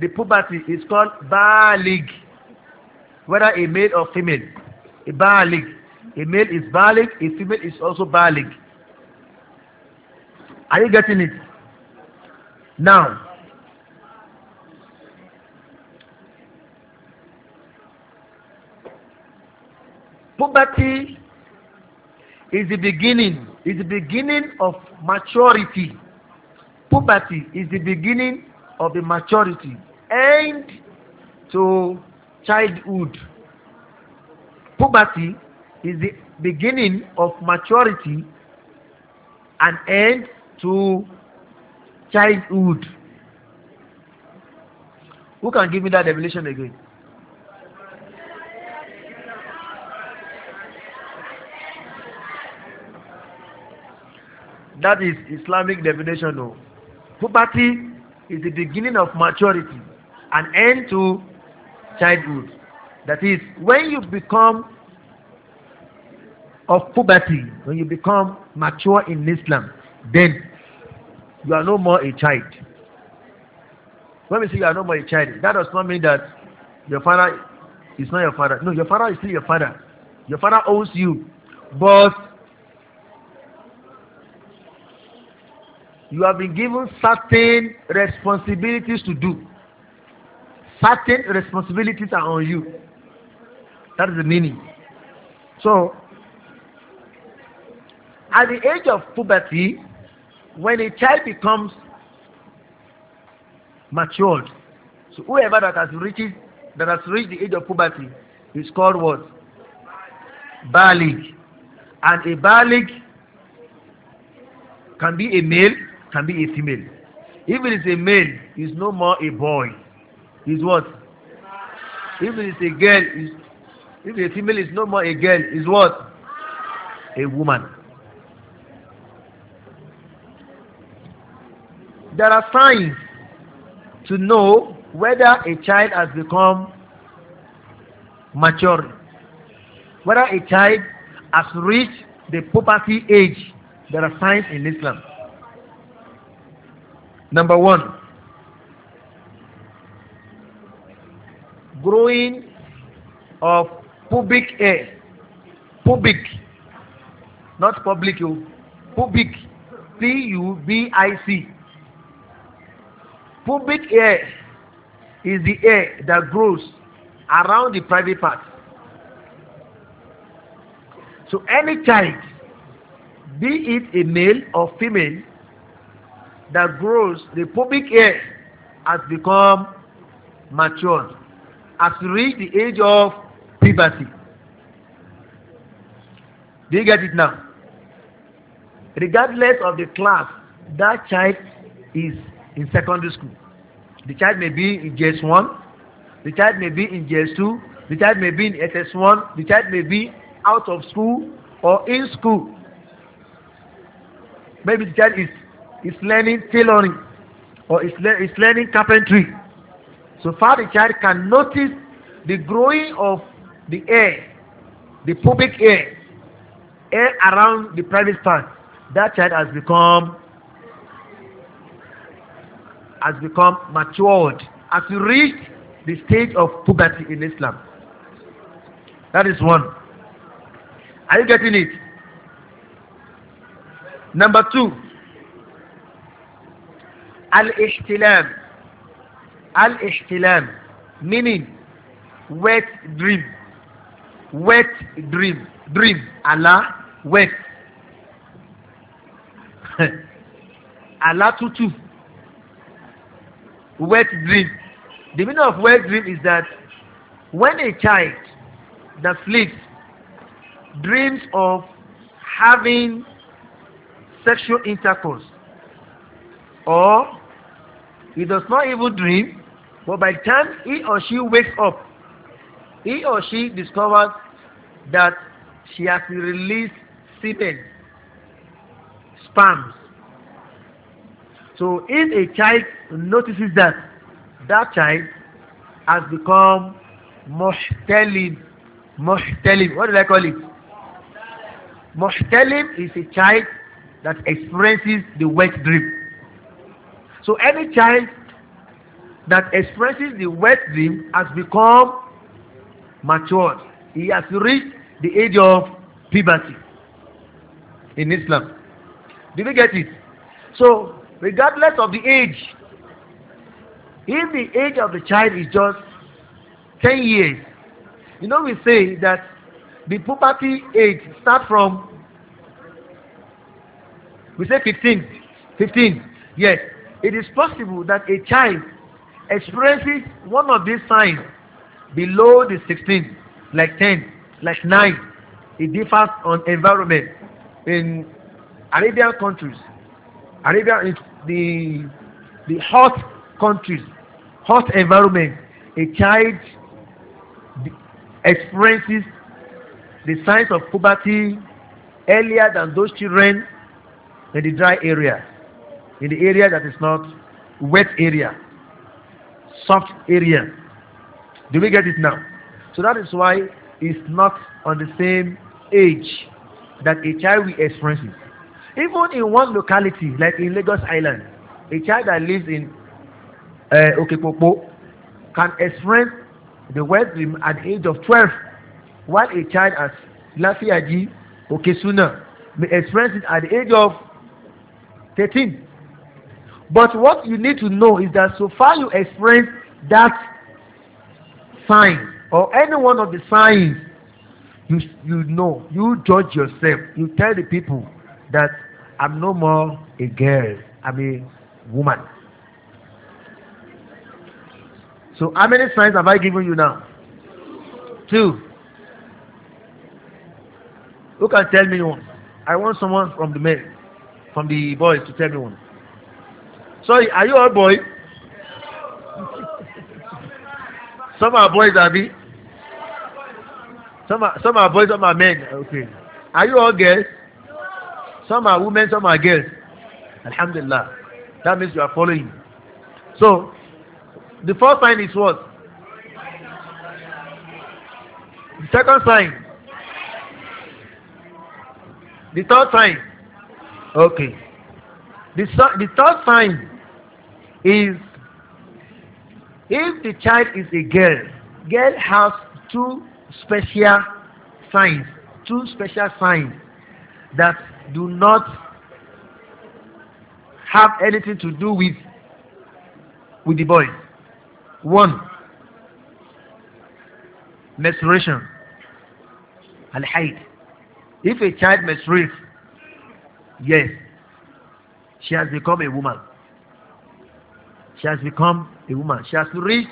the puberty is called balig, whether a male or female. A balig. A male is balig, a female is also balig. Are you getting it? Now, puberty is the beginning is the beginning of maturity puberty is the beginning of the maturity end to childhood puberty is the beginning of maturity and end to childhood who can give me that revelation again that is islamic definition o puberty is the beginning of maturity and end to childhood that is when you become of puberty when you become mature in islam then you are no more a child when we say you are no more a child that does not mean that your father is not your father no your father is still your father your father owes you but you have been given certain responsibilities to do certain responsibilities are on you that is the meaning so at the age of puberty when a child becomes matured so whoever that has reached that has reached the age of puberty is called what balig and a balig can be a male can be a female. If it is a male, is no more a boy. Is what? If it is a girl, if a female is no more a girl, is what? A woman. There are signs to know whether a child has become mature, whether a child has reached the puberty age. There are signs in Islam. Number one, growing of pubic hair. Pubic, not public, you. Pubic, P-U-B-I-C. Pubic hair is the hair that grows around the private part. So any child, be it a male or female, that grows, the pubic hair has become matured, has reached the age of puberty. Do you get it now? Regardless of the class, that child is in secondary school. The child may be in js one, the child may be in js two, the child may be in ss one, the child may be out of school or in school. Maybe the child is is learning tailoring or is, le is learning carpentry. So far the child can notice the growing of the air, the pubic air, air around the private part. That child has become has become matured as you reach the stage of puberty in Islam. That is one. Are you getting it? Number two al-ihtilam al-ihtilam meaning wet dream wet dream dream àlá wet àlá tútù wet dream the meaning of wet dream is that when a child that sleeps dreams of having sexual intercourse or He does not even dream, but by the time he or she wakes up, he or she discovers that she has released semen, sperms. So if a child notices that, that child has become muhtalim. Muhtalim, what do I call it? Muhtalim is a child that experiences the wet dream. So any child that experiences the wet dream has become matured. He has reached the age of puberty in Islam. Did you get it? So regardless of the age, if the age of the child is just ten years, you know we say that the puberty age start from we say fifteen, fifteen. yes it is possible that a child experiences one of these signs below the 16 like 10 like 9 it differs on environment in arabian countries Arabia in the the hot countries hot environment a child experiences the signs of puberty earlier than those children in the dry areas in the area that is not wet area, soft area. Do we get it now? So that is why it's not on the same age that a child will experience it. Even in one locality, like in Lagos Island, a child that lives in uh, Okepopo can experience the wet dream at the age of twelve, while a child at Lafiaji Okesuna may experience it at the age of thirteen. But what you need to know is that so far you experience that sign or any one of the signs, you, you know, you judge yourself. You tell the people that I'm no more a girl, I'm a woman. So how many signs have I given you now? Two. Who can tell me one? I want someone from the men, from the boys to tell me one. Sorry, are you all boy? some are boys, Abi. Some are, some are boys, some are men. Okay. Are you all girls? Some are women, some are girls. Alhamdulillah. That means you are following. So, the first sign is what? The second sign. The third sign. Okay. The, the third sign is if the child is a girl, girl has two special signs, two special signs that do not have anything to do with with the boy. One, menstruation, al haid. If a child menstruates, yes, she has become a woman she has become a woman. She has reached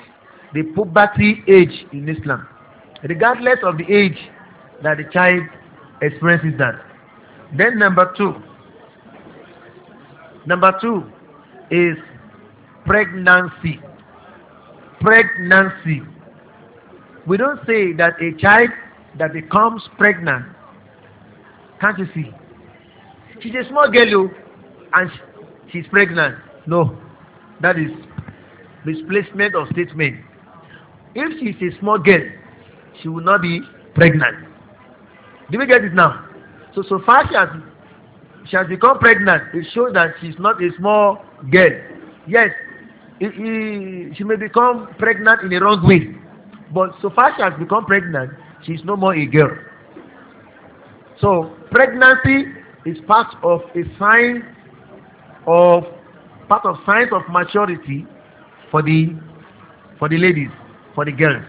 the puberty age in Islam, regardless of the age that the child experiences that. Then number two. Number two is pregnancy. Pregnancy. We don't say that a child that becomes pregnant, can't you see? She's a small girl, oh, and she's pregnant. No that is displacement of statement if she is a small girl she will not be pregnant do we get it now so so far she has she has become pregnant it shows that she is not a small girl yes it, it, she may become pregnant in a wrong way but so far she has become pregnant she is no more a girl so pregnancy is part of a sign of part of signs of maturity for the for the ladies for the girls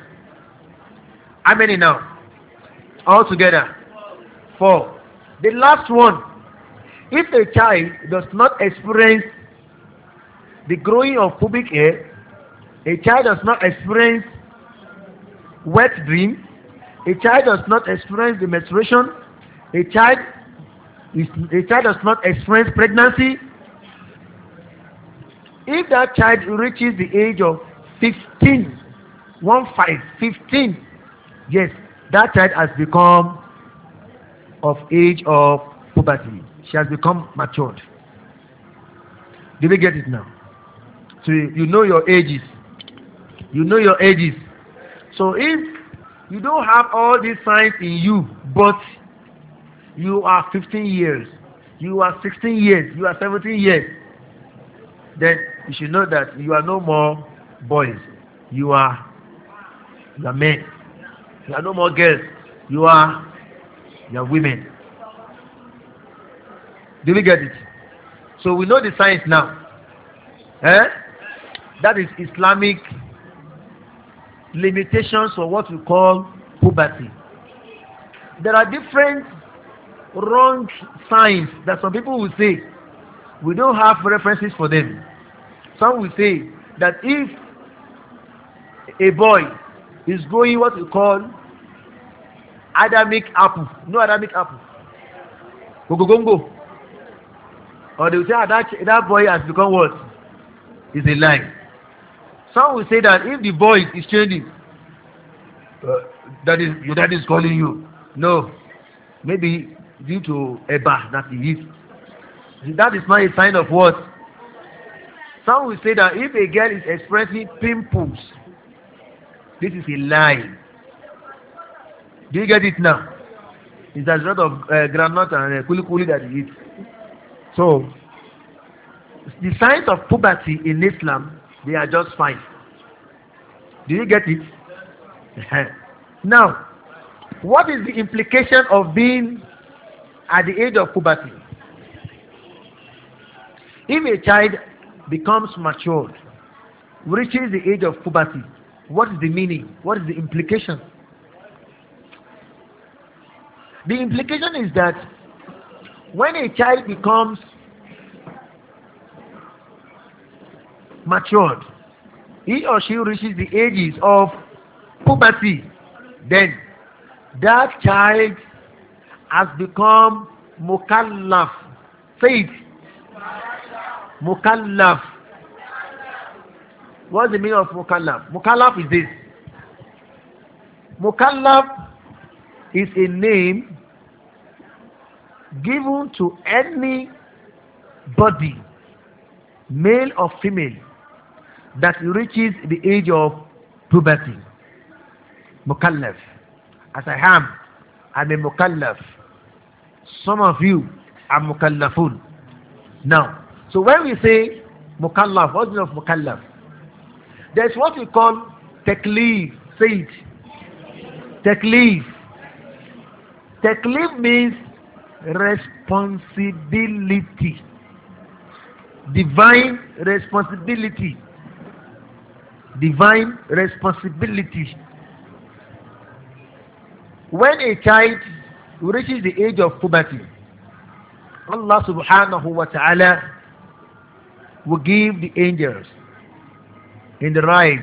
how many now all together four the last one if a child does not experience the growing of pubic hair a child does not experience wet dream a child does not experience the menstruation a child is, a child does not experience pregnancy if that child reaches the age of fifteen, one five fifteen, yes that child has become of age of puberty she has become matured do we get it now so you know your ages you know your ages so if you don't have all these signs in you but you are fifteen years you are sixteen years you are seventeen years then you should know that you are no more boys you are you are men you are no more girls you are you are women do we get it so we know the science now eh that is islamic limitations for what we call puberty there are different wrong signs that some people will say we don't have references for them. Some will say that if a boy is going what we call Adamic apple, no Adamic apple, gogogongo, or they will say ah, that, that boy has become what? Is a lie. Some will say that if the boy is changing, uh, that is your dad is calling you. No, maybe due to Eba that he is That is not a sign of what? Some will say that if a girl is expressing pimples, this is a lie. Do you get it now? It's a result of uh, groundnut and uh, kuli that you eat. So, the signs of puberty in Islam, they are just fine. Do you get it? now, what is the implication of being at the age of puberty? If a child becomes matured, reaches the age of puberty, what is the meaning? What is the implication? The implication is that when a child becomes matured, he or she reaches the ages of puberty, then that child has become mukallaf, faith mukallaf what's the meaning of mukallaf mukallaf is this mukallaf is a name given to any body male or female that reaches the age of puberty mukallaf as i am i'm a mukallaf some of you are mukallafun now So when we say mukallaf, what do you mean of mukallaf? There's what we call taklif. Say it. Taklif. Taklif means responsibility. Divine responsibility. Divine responsibility. When a child reaches the age of puberty, Allah subhanahu wa ta'ala will give the angels in the right,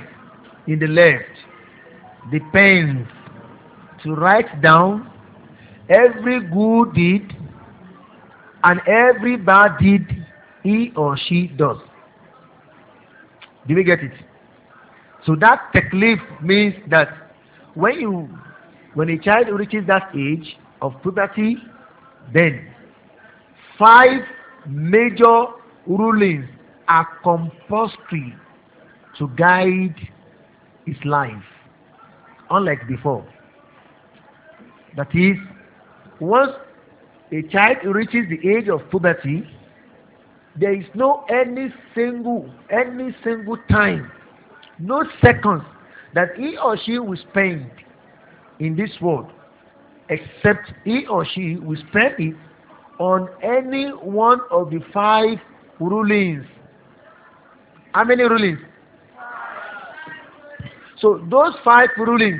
in the left, the pens to write down every good deed and every bad deed he or she does. Do we get it? So that taklif means that when you when a child reaches that age of puberty, then five major rulings are compulsory to guide his life, unlike before. That is, once a child reaches the age of puberty, there is no any single, any single time, no seconds that he or she will spend in this world, except he or she will spend it on any one of the five rulings How many rulings? So those five rulings,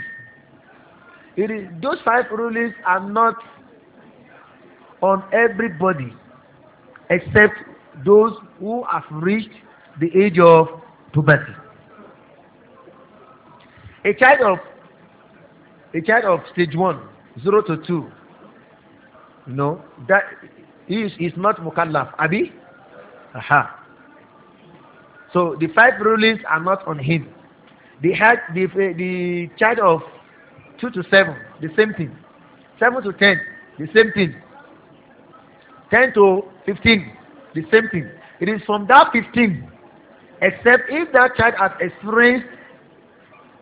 it is, those five rulings are not on everybody except those who have reached the age of puberty. A child of a child of stage one, zero to two. You know that he is, is not mukallaf, abi. Aha. So the five rulings are not on him. The, the, the child of two to seven, the same thing. Seven to ten, the same thing. Ten to fifteen, the same thing. It is from that fifteen, except if that child has experienced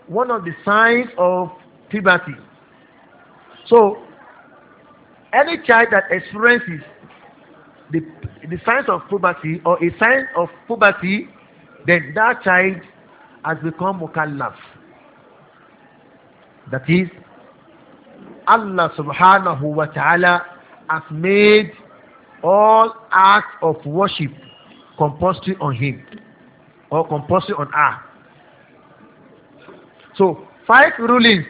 one of the signs of puberty. So, any child that experiences the, the signs of puberty or a sign of puberty then that child has become mukallaf. That is, Allah subhanahu wa ta'ala has made all acts of worship compulsory on him or compulsory on her. So, five rulings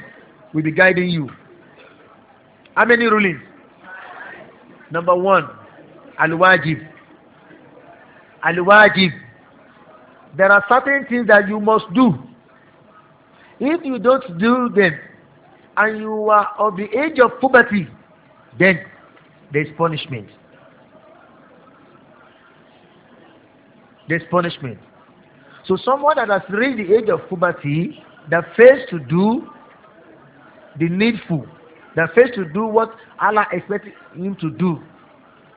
will be guiding you. How many rulings? Number one, al-wajib. Al-wajib there are certain things that you must do. If you don't do them, and you are of the age of puberty, then there's punishment. There's punishment. So someone that has reached the age of puberty that fails to do the needful, that fails to do what Allah expects him to do,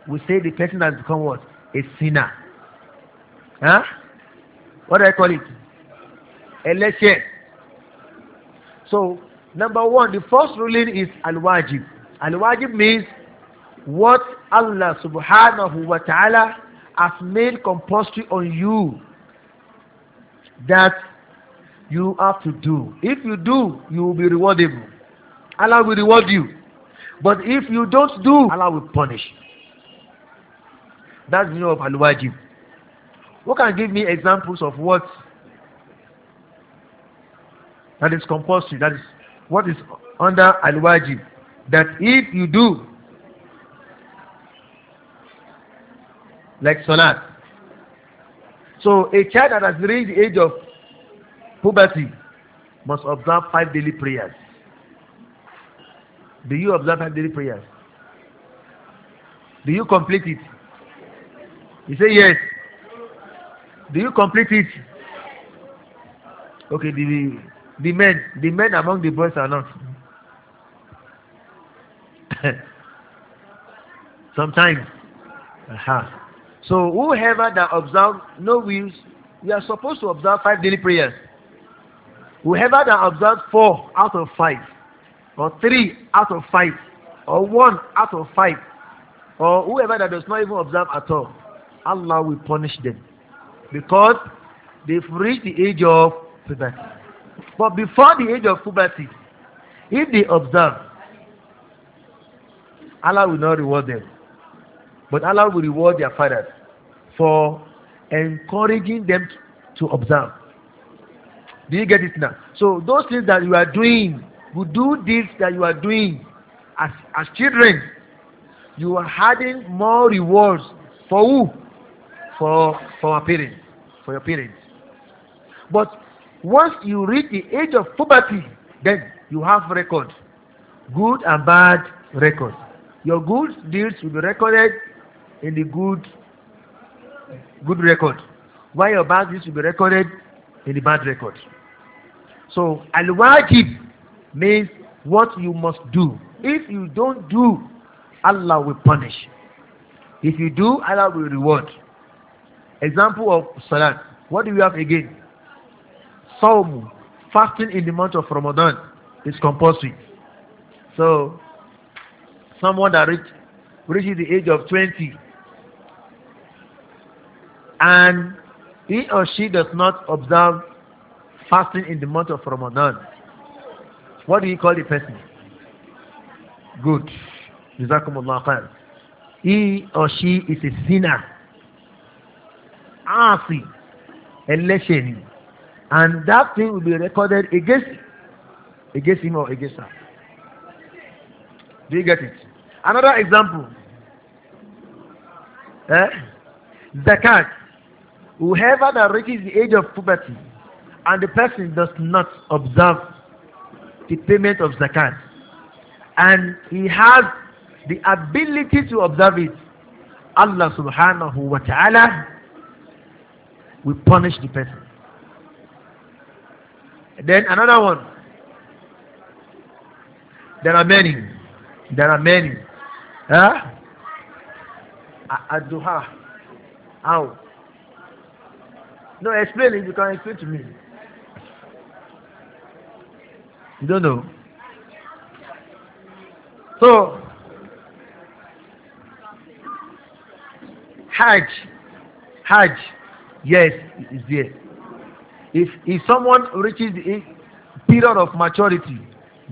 we say the person has become what? A sinner. Huh? what I call it? Election. So, number one, the first ruling is al-wajib. Al-wajib means what Allah subhanahu wa ta'ala has made compulsory on you that you have to do. If you do, you will be rewardable. Allah will reward you. But if you don't do, Allah will punish. That's the meaning of al-wajib. Who can give me examples of what that is compulsory, that is what is under al that if you do, like salat. So a child that has reached the age of puberty must observe five daily prayers. Do you observe five daily prayers? Do you complete it? He say yes. Do you complete it? Okay, the, the men, the men among the boys are not. Sometimes. Uh-huh. So whoever that observe no wills, we are supposed to observe five daily prayers. Whoever that observe four out of five, or three out of five, or one out of five, or whoever that does not even observe at all, Allah will punish them because they've reached the age of puberty. But before the age of puberty, if they observe, Allah will not reward them. But Allah will reward their fathers for encouraging them to observe. Do you get it now? So those things that you are doing, you do this that you are doing as, as children, you are having more rewards for who? for, for our parents, for your parents. But once you reach the age of puberty, then you have record, good and bad record. Your good deeds will be recorded in the good good record, while your bad deeds will be recorded in the bad record. So al-wajib means what you must do. If you don't do, Allah will punish. If you do, Allah will reward. Example of salat. What do we have again? Sawm, fasting in the month of Ramadan is compulsory. So, someone that reach, reaches the age of twenty and he or she does not observe fasting in the month of Ramadan, what do you call the person? Good. Jazakumullah khair. He or she is a sinner aasi ẹlẹ́ṣẹ̀ ni and that thing will be recorded against against him or against her do you get it another example eh? zakat whoever that reaches the age of puberty and the person does not observe the payment of zakat and he has the ability to observe it Allah subhanahu wa ta'ala we punish the person. And then another one. There are many. There are many. Huh? Aduha. How? No, explain it. You can explain to me. You don't know. So, Hajj. Hajj yes is there if if someone reaches the period of maturity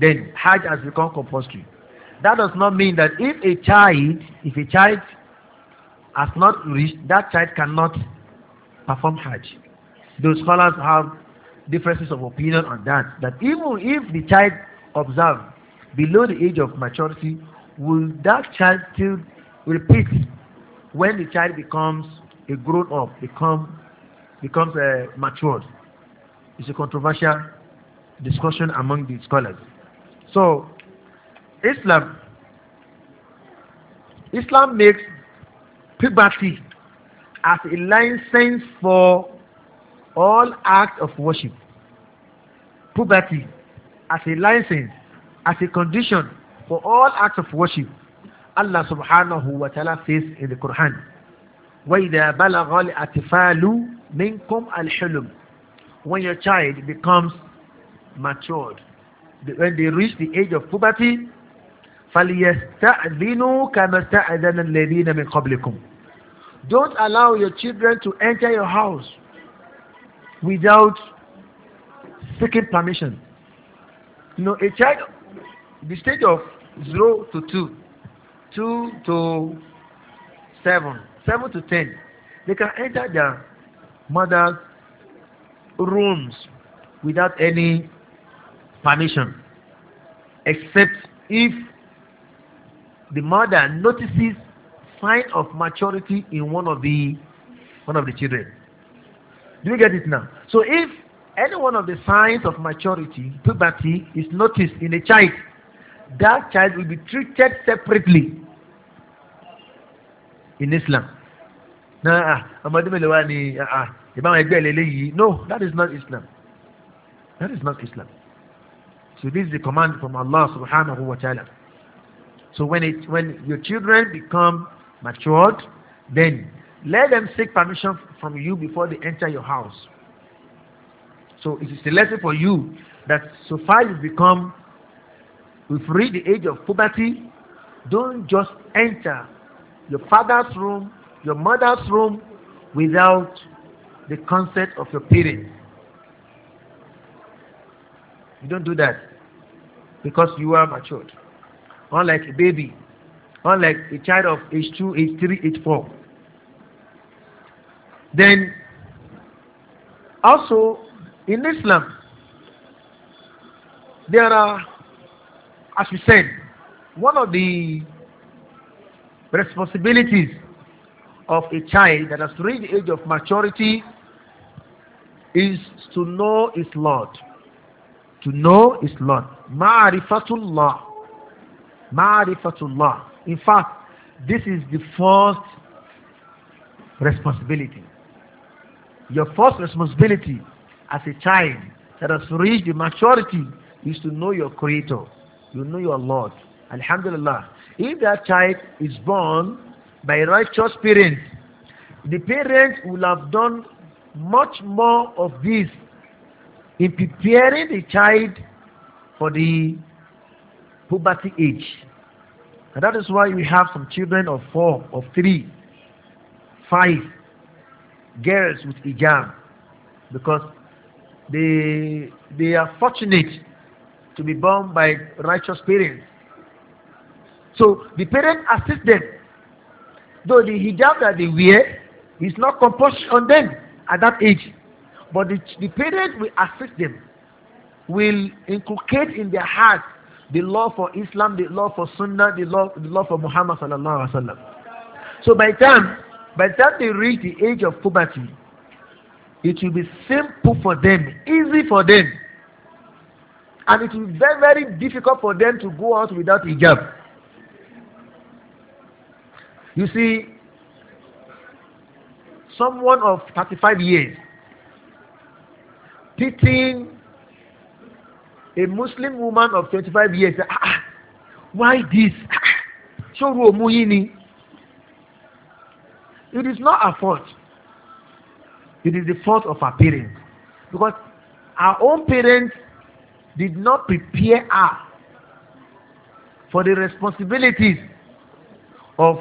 then hajj has become compulsory that does not mean that if a child if a child has not reached that child cannot perform hajj those scholars have differences of opinion on that that even if the child observe below the age of maturity will that child still repeat when the child becomes a grown up become becomes uh, matured. It's a controversial discussion among the scholars. So, Islam Islam makes puberty as a license for all acts of worship. Puberty as a license, as a condition for all acts of worship. Allah subhanahu wa ta'ala says in the Quran. وإذا بلغ الأطفال منكم الحلم when your child becomes matured when they reach the age of puberty فليستأذنوا كما استأذن الذين من قبلكم don't allow your children to enter your house without seeking permission you know a child the stage of zero to two, two to seven. 7 to 10, they can enter their mother's rooms without any permission, except if the mother notices sign of maturity in one of the one of the children. Do you get it now? So if any one of the signs of maturity, puberty, is noticed in a child, that child will be treated separately in Islam náà ọmọdé mélòó wá ní ìbáwọn ẹgbẹ́ ilé yìí no that is not Islam that is not Islam so this is the command from Allah subhanahu wa ta'ala so when it when your children become matured then let them seek permission from you before they enter your house so it is a lesson for you that so far you become we've reached the age of puberty don't just enter your father's room your mother's room without the consent of your parents. You don't do that because you are matured. Unlike a baby, unlike a child of age two, age three, age four. Then, also in Islam, there are, as we said, one of the responsibilities of a child that has reached the age of maturity is to know his Lord. To know his Lord. Ma'rifatullah. Ma'rifatullah. In fact, this is the first responsibility. Your first responsibility as a child that has reached the maturity is to know your Creator. You know your Lord. Alhamdulillah. If that child is born by righteous parents the parents will have done much more of this in preparing the child for the puberty age and that is why we have some children of four of three five girls with hijab because they they are fortunate to be born by righteous parents so the parents assist them Though the hijab that they wear is not compulsory on them at that age. But the, the parents will assist them, will inculcate in their heart the law for Islam, the law for Sunnah, the law, the law for Muhammad sallallahu alaihi wasallam. So by time, by the time they reach the age of puberty, it will be simple for them, easy for them, and it will be very, very difficult for them to go out without hijab. You see, someone of 35 years teaching a Muslim woman of 25 years, ah, ah, why this? Ah, ah, Ṣòro òmu It is not her fault. It is the fault of her parents. Because our own parents did not prepare her for the responsibilities of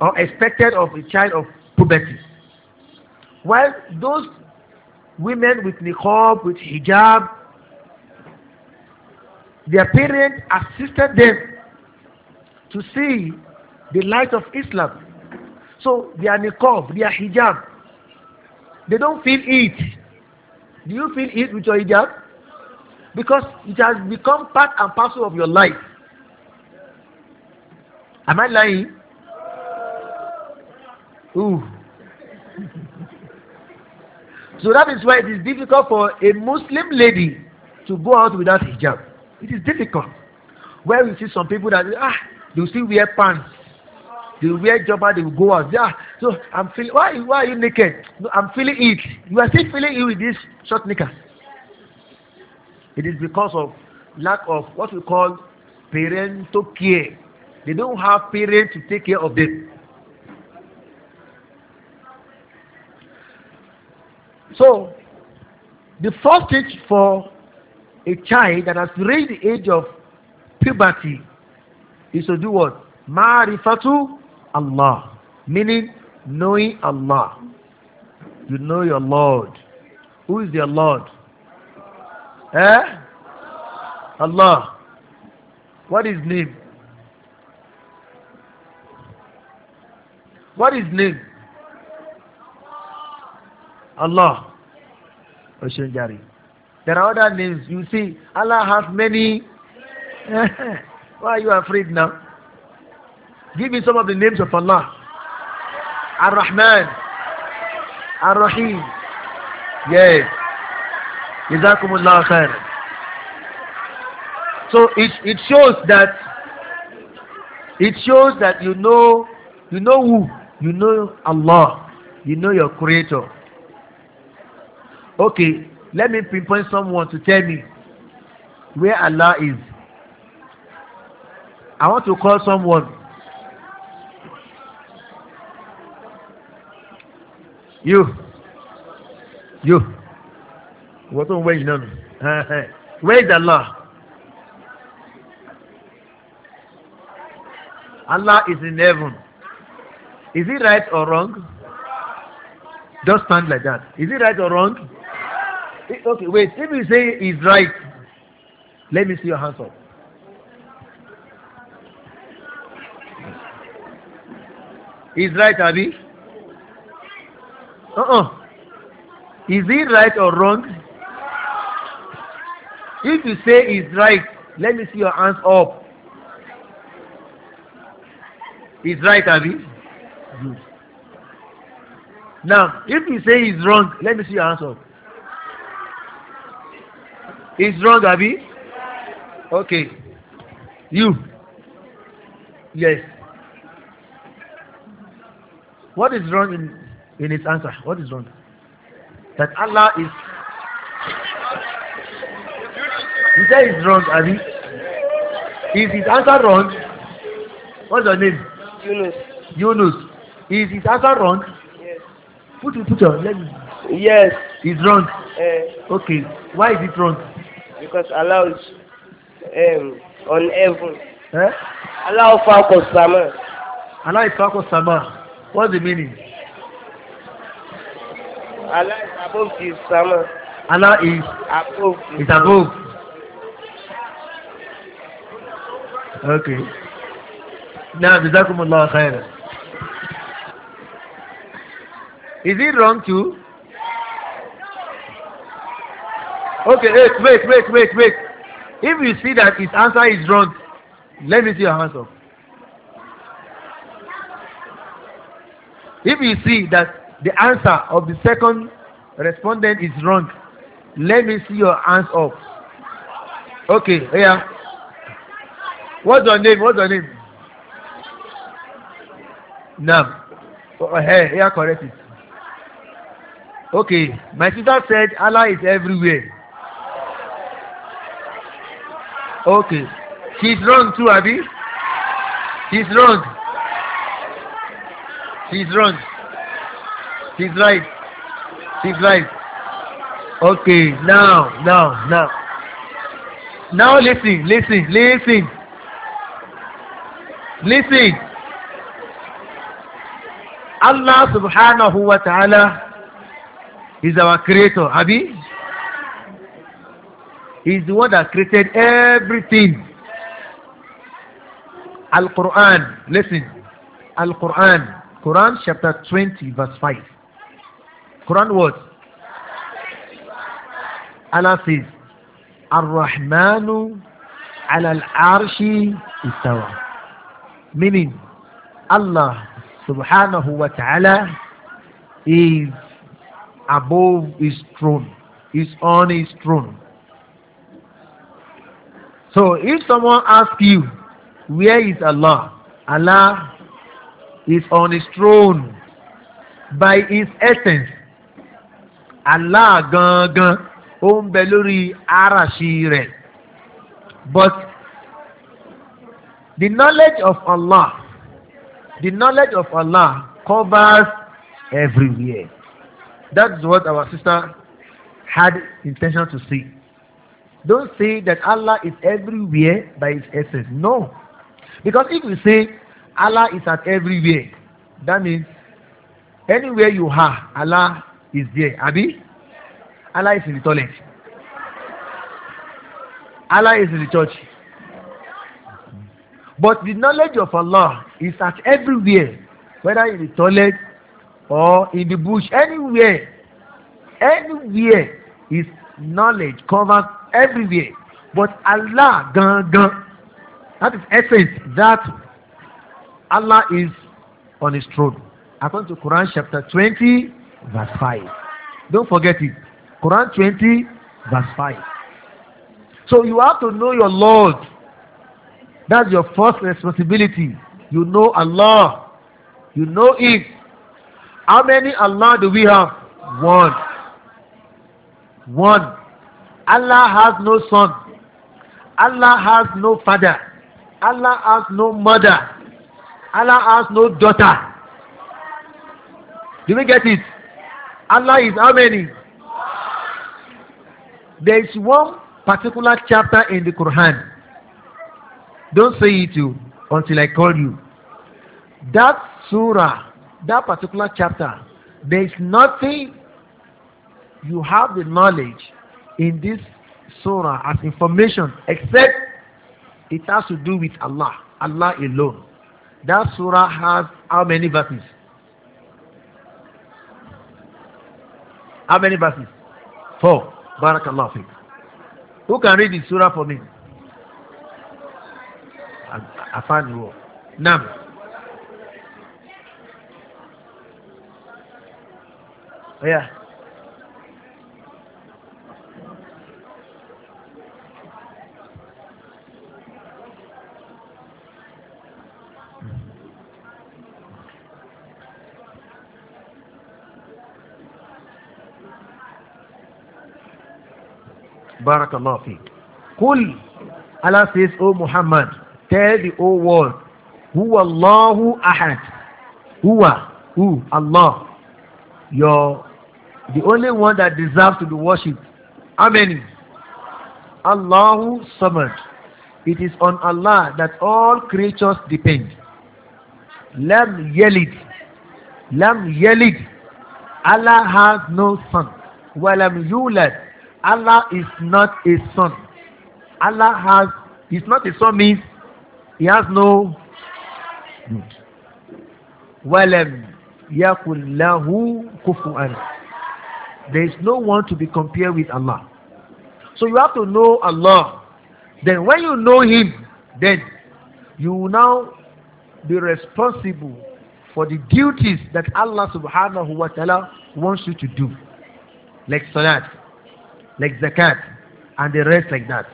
or expected of a child of puberty. While those women with niqab, with hijab, their parents assisted them to see the light of Islam. So their niqab, their hijab, they don't feel it. Do you feel it with your hijab? Because it has become part and parcel of your life. Am I lying? Ooh. so that is why it is difficult for a Muslim lady to go out without hijab. It is difficult. Where we see some people that ah, they still wear pants, they wear jumper, they go out. Yeah. So I'm feeling why why are you naked? No, I'm feeling it. You are still feeling it with this short knickers. It is because of lack of what we call parental care. They don't have parents to take care of them. So, the first stage for a child that has reached the age of puberty is to do what? Ma'rifatu Allah. Meaning, knowing Allah. You know your Lord. Who is your Lord? Eh? Allah. What is name? What is name? Allah. Oshunjari. There are other names. You see, Allah has many. Why are you afraid now? Give me some of the names of Allah. Ar-Rahman. Ar-Rahim. Yes. Jazakumullah khair. So it, it shows that it shows that you know you know who you know Allah you know your creator Okay, let me pinpoint someone to tell me where Allah is. I want to call someone. You. You. What on where you know? Where is Allah? Allah is in heaven. Is it right or wrong? Just stand like that. Is it right or wrong? Eh, okay, wait. If you say he's right, let me see your hands up. He's right, Abi? Uh-uh. Is he right or wrong? If you say he's right, let me see your hands up. He's right, Abi? Good. Now, if you say he's wrong, let me see your hands up is wrong abi okay you yes what is wrong in in his answer what is wrong that Allah is he say it's wrong abi is his answer wrong what's your name Yunus Yunus is his answer wrong yes put it put your let me yes it's wrong uh, okay why is it wrong because Allah um, on heaven. Eh? Allah fawqa sama. Allah is sama. What's the meaning? Allah is above the sama. Allah is above. Is above. Okay. Now, jazakumullah khairan. Is it wrong to Okay, wait, wait, wait, wait, wait. If you see that his answer is wrong, let me see your hands up. If you see that the answer of the second respondent is wrong, let me see your hands up. Okay, yeah. What's your name? What's your name? Nam. Oh, hey, eh, yeah, correct it. Okay, my sister said Allah is everywhere. Okay, she is wrong too abi she is wrong she is wrong she is right she is right okay now now now now listen listen listen listen Allah subhanahu wa ta'ala is our creator abi He's the one that created everything. Al Quran, listen. Al Quran, Quran chapter 20, verse 5. Quran what? Allah says, Ar Rahmanu al arshi istawa. Meaning, Allah subhanahu wa ta'ala is above his throne, is on his throne. So if someone asks you, where is Allah? Allah is on his throne by his essence. Allah gangan ó ń bẹ lórí arashi rẹ̀. But the knowledge of Allah, the knowledge of Allah covers everywhere. That is what our sister had intention to see. Don't say that Allah is everywhere by his essence. No. Because if you say Allah is at everywhere, that means anywhere you are, Allah is there. Abi? Allah is in the toilet. Allah is in the church. But the knowledge of Allah is at everywhere, whether in the toilet or in the bush, anywhere. Anywhere is knowledge covered everywhere but Allah gangan that is essence that Allah is on his throne according to Quran chapter twenty verse five don't forget it Quran twenty verse five so you have to know your Lord that's your first responsibility you know Allah you know it how many Allah do we have one one Allah has no son. Allah has no father. Allah has no mother. Allah has no daughter. Do we get it? Allah is how many? There is one particular chapter in the Quran. Don't say it to until I call you. That surah, that particular chapter, there is nothing you have the knowledge in this surah as information except it has to do with Allah, Allah alone. That surah has how many verses? How many verses? Four. Barakallah fiqh. Who can read this surah for me? I, I find you. Nam. Oh, yeah. barakallahu fi kul Allah says O Muhammad tell the whole world huwa Allahu ahad huwa who Allah your the only one that deserves to be worshipped how many Allahu samad it is on Allah that all creatures depend lam yalid lam yalid Allah has no son walam yulad Allah is not a son. Allah has, is not a son means he has no. Walam yakun lahu kufuan. There is no one to be compared with Allah. So you have to know Allah. Then when you know Him, then you will now be responsible for the duties that Allah subhanahu wa ta'ala wants you to do. Like salat, like zakat and the rest like that.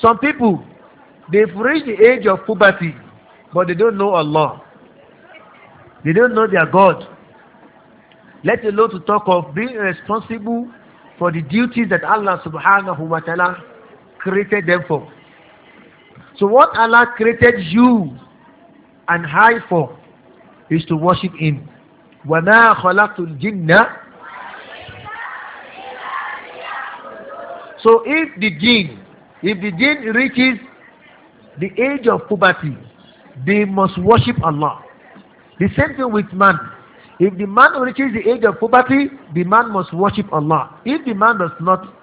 Some people, they've reached the age of puberty, but they don't know Allah. They don't know their God. Let alone to talk of being responsible for the duties that Allah subhanahu wa ta'ala created them for. So what Allah created you and high for is to worship Him. Wa وَمَا خَلَقْتُ jinna. So if the gene, if the gene reaches the age of puberty, they must worship Allah. The same thing with man. If the man reaches the age of puberty, the man must worship Allah. If the man does not,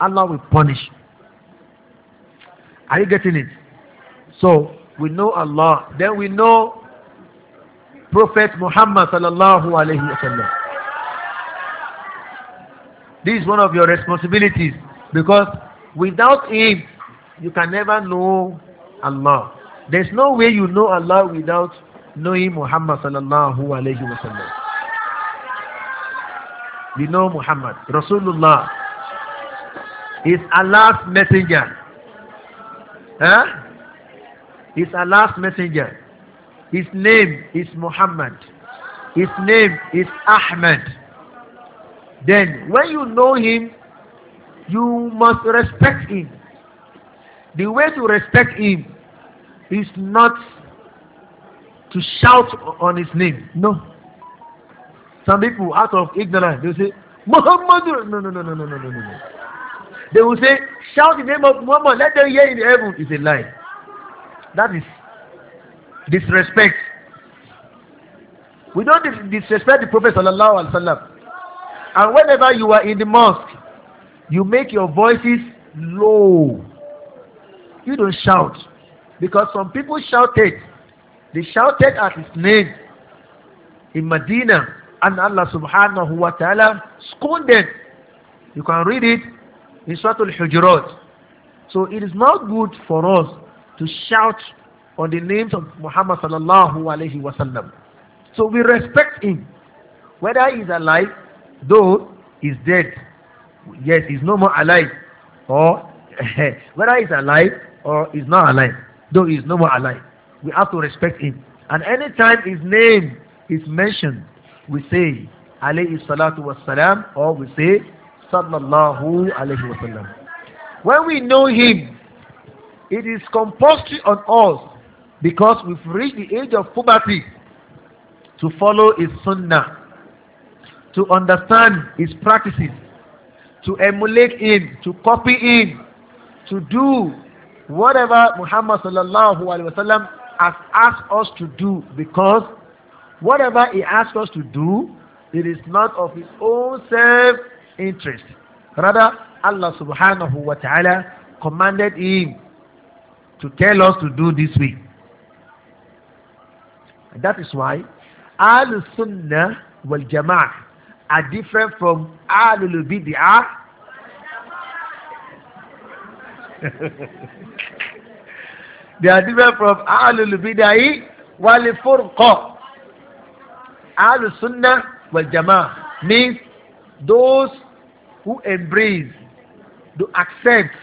Allah will punish. Are you getting it? So we know Allah, then we know Prophet Muhammad sallallahu alaihi wasallam. This is one of your responsibilities Because without Him, you can never know Allah. There's no way you know Allah without knowing Muhammad sallallahu alayhi wa sallam. We know Muhammad. Rasulullah is Allah's messenger. Huh? He's Allah's messenger. His name is Muhammad. His name is Ahmed. Then when you know him, You must respect him. The way to respect him is not to shout on his name. No. Some people, out of ignorance, they say, Muhammad. No, no, no, no, no, no, no, no. They will say, shout the name of Muhammad, let them hear in heaven. is a lie. That is disrespect. We don't disrespect the Prophet sallallahu alaihi wasallam. And whenever you are in the mosque, you make your voices low you don't shout because some people shouted they shouted at his name in Medina and Allah subhanahu wa ta'ala scorned them you can read it in Suratul Al-Hujurat so it is not good for us to shout on the names of Muhammad sallallahu alayhi wa sallam so we respect him whether he is alive though he is dead yes he's no more alive or whether he's alive or he's not alive though he's no more alive we have to respect him and anytime his name is mentioned we say alayhi salatu wassalam or we say sallallahu alayhi wasallam when we know him it is compulsory on us because we've reached the age of puberty to follow his sunnah to understand his practices to emulate him to copy him to do whatever Muhammad sallallahu alaihi wasallam has asked us to do because whatever he asked us to do it is not of his own self interest rather Allah subhanahu wa ta'ala commanded him to tell us to do this way that is why al-sunnah wal-jama'ah are different from alulubidia. they are different from alulubidia walifurqa. Al-Sunnah wal Jama'ah means those who embrace, to accept,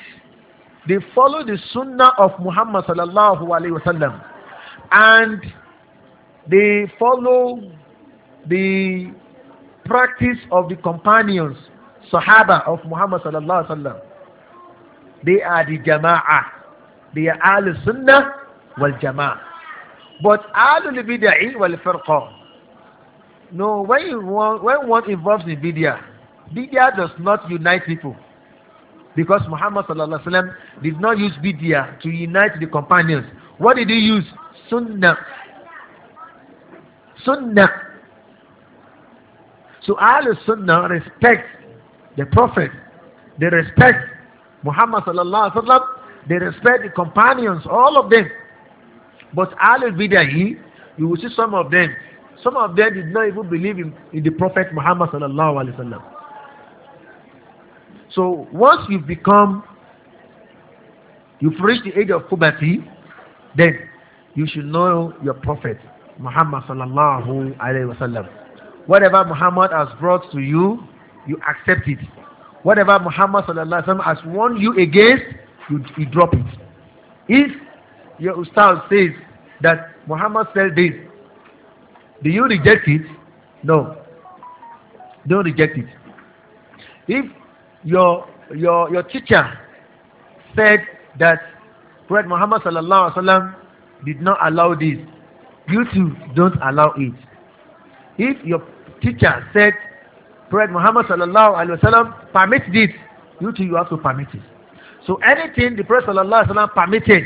they follow the Sunnah of Muhammad sallallahu alaihi wasallam, and they follow the practice of the companions, Sahaba of Muhammad sallallahu alaihi wasallam. They are the Jama'ah. They are al Sunnah wal Jama'ah. But Ahlul Bid'ah wal Firqah. No, when, you want, when one involves in Bid'ah, Bid'ah does not unite people. Because Muhammad sallallahu alaihi wasallam did not use Bid'ah to unite the companions. What did he use? Sunnah. Sunnah so Ahlul Sunnah respect the Prophet. They respect Muhammad sallallahu alaihi wasallam. They respect the companions, all of them. But Ahlul Bidahi, you will see some of them. Some of them did not even believe in, in the Prophet Muhammad sallallahu alaihi wasallam. So once you become, you've reached the age of puberty, then you should know your Prophet Muhammad sallallahu alaihi wasallam. whatever Muhammad has brought to you you accept it whatever Muhammad sallallahu alaihi wasallam has warned you against you, you drop it if your ustaz says that Muhammad said this do you reject it no don't reject it if your your your teacher said that Prophet Muhammad sallallahu alaihi wasallam did not allow this you too don't allow it if your teacher said Prophet Muhammad sallallahu alaihi wasallam permit this you too you have to permit it so anything the Prophet sallallahu alaihi wasallam permitted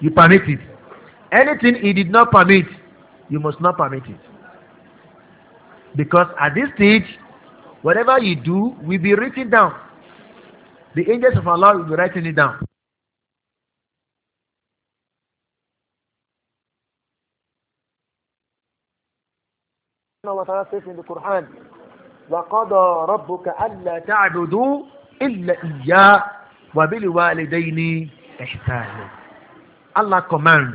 you permit it anything he did not permit you must not permit it because at this stage whatever you do will be written down the angels of Allah will be writing it down وتعالى في القرآن وقضى ربك ألا تعبدوا إلا إياه وبالوالدين إحسانا Allah commands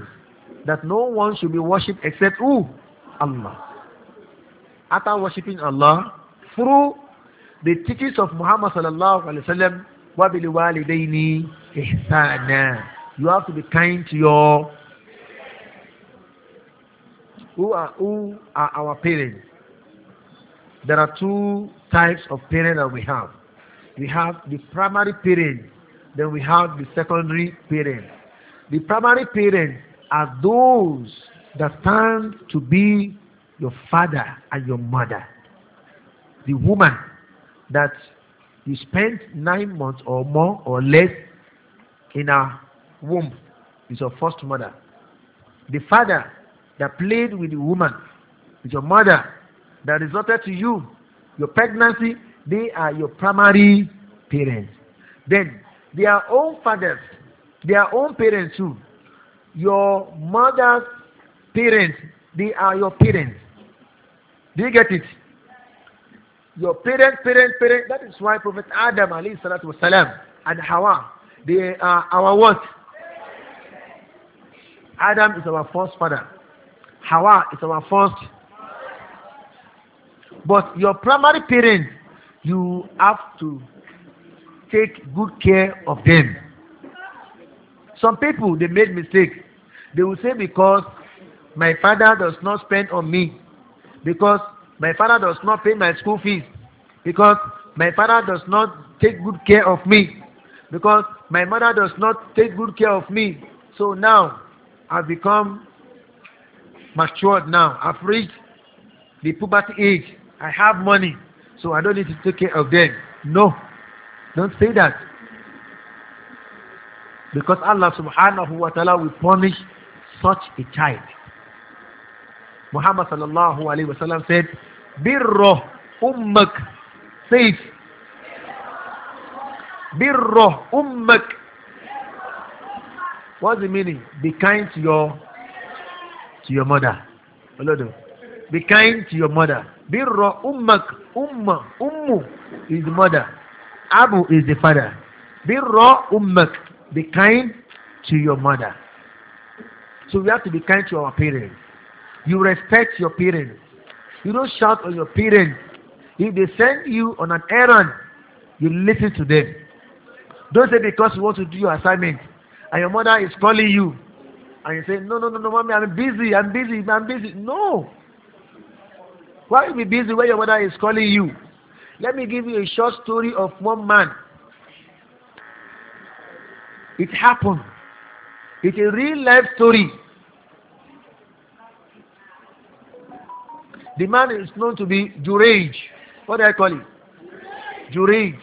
that no one should be worshipped except who? Allah. After worshipping Allah, through the teachings of Muhammad sallallahu alaihi wasallam, وبالوالدين إحسانا. You have to be kind to your who are, who are our parents. There are two types of parents that we have. We have the primary parents, then we have the secondary parents. The primary parents are those that stand to be your father and your mother. The woman that you spent nine months or more or less in her womb is your first mother. The father that played with the woman, with your mother, that resulted to you, your pregnancy, they are your primary parents. Then their own fathers, their own parents too. Your mother's parents, they are your parents. Do you get it? Your parents, parents, parents. That is why Prophet Adam Ali, salatu and Hawa, they are our what? Adam is our first father. Hawa is our first. But your primary parent, you have to take good care of them. Some people, they made mistake. They will say, because my father does not spend on me, because my father does not pay my school fees, because my father does not take good care of me, because my mother does not take good care of me. So now I become matured now i've reached the puberty age i have money so i don't need to take care of them no don't say that because allah subhanahu wa ta'ala will punish such a child muhammad sallallahu alaihi wasallam said birro ummak says birro ummak what's the meaning be kind to your to your mother olodo be kind to your mother birra ummak umma ummu is the mother abu is the father birra ummak be kind to your mother so we have to be kind to our parents you respect your parents you don't shout on your parents if they send you on an errand you listen to them don't say because you want to do your assignment and your mother is calling you And you say, no, no, no, no, mommy, I'm busy, I'm busy, I'm busy. No. Why be busy when your mother is calling you? Let me give you a short story of one man. It happened. It's a real life story. The man is known to be Juraj. What do I call him? Juraj.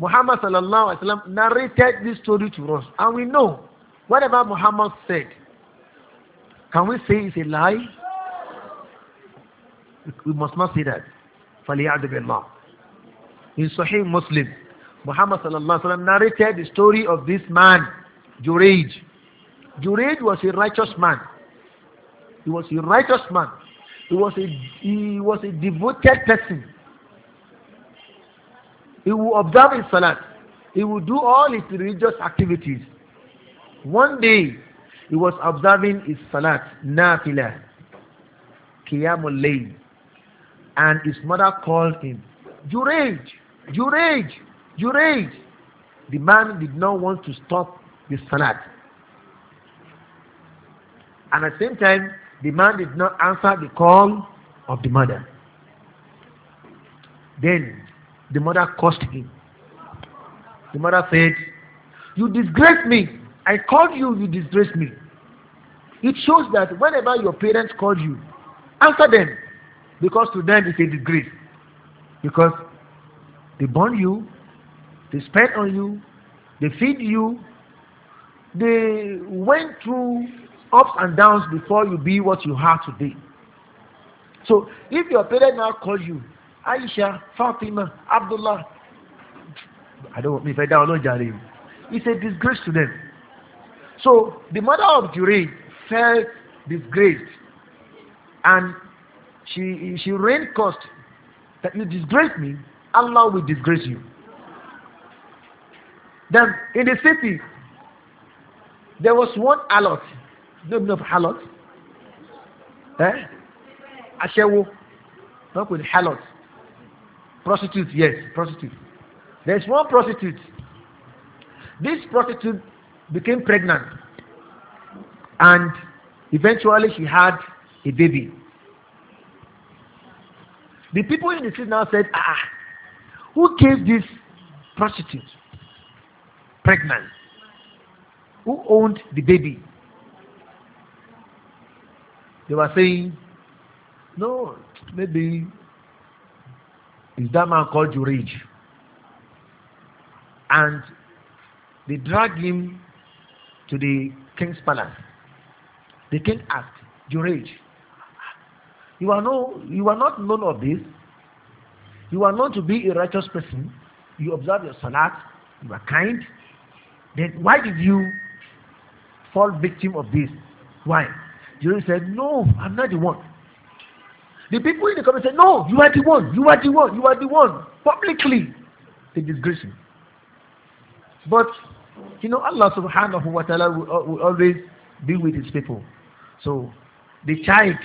Muhammad sallallahu alaihi wasallam narrated this story to us, and we know Whatever Muhammad said, can we say it's a lie? We must not say that. فَلِيَعْدُ بِاللَّهِ In Sahih Muslim, Muhammad sallallahu alaihi wasallam narrated the story of this man, Juraj. Juraj was a righteous man. He was a righteous man. He was a, he was a devoted person. He would observe his salat. He would do all his religious activities. One day, he was observing his salat, nafila, qiyamul layl. And his mother called him, Juraj, Juraj, Juraj. The man did not want to stop the salat. And at the same time, the man did not answer the call of the mother. Then the mother cursed him. The mother said, You disgrace me. I called you, you disgraced me. It shows that whenever your parents call you, answer them because to them it's a disgrace. Because they burn you, they spend on you, they feed you, they went through ups and downs before you be what you are today. So if your parents now call you, Aisha, Fatima, Abdullah, I don't mean if I don't, download Jalim, it's a disgrace to them. So the mother of Jurij felt disgraced and she, she rained cost that you disgrace me, Allah will disgrace you. Then in the city, there was one harlot. Do you know halot? Eh? Ashewo. Not with halot. Prostitute, yes, prostitute. There's one prostitute. This prostitute became pregnant and eventually she had a baby. The people in the street now said, ah, ah who gave this prostitute pregnant? Who owned the baby? They were saying, no, maybe it's that man called you And they dragged him to the king's palace. The king asked, Juraj, you are, no, you are not known of this. You are known to be a righteous person. You observe your salat. You are kind. Then why did you fall victim of this? Why? Juraj said, No, I'm not the one. The people in the community said, No, you are the one. You are the one. You are the one. Publicly, they disgrace him. But You know, Allah subhanahu wa ta'ala will, uh, will always be with his people. So the child,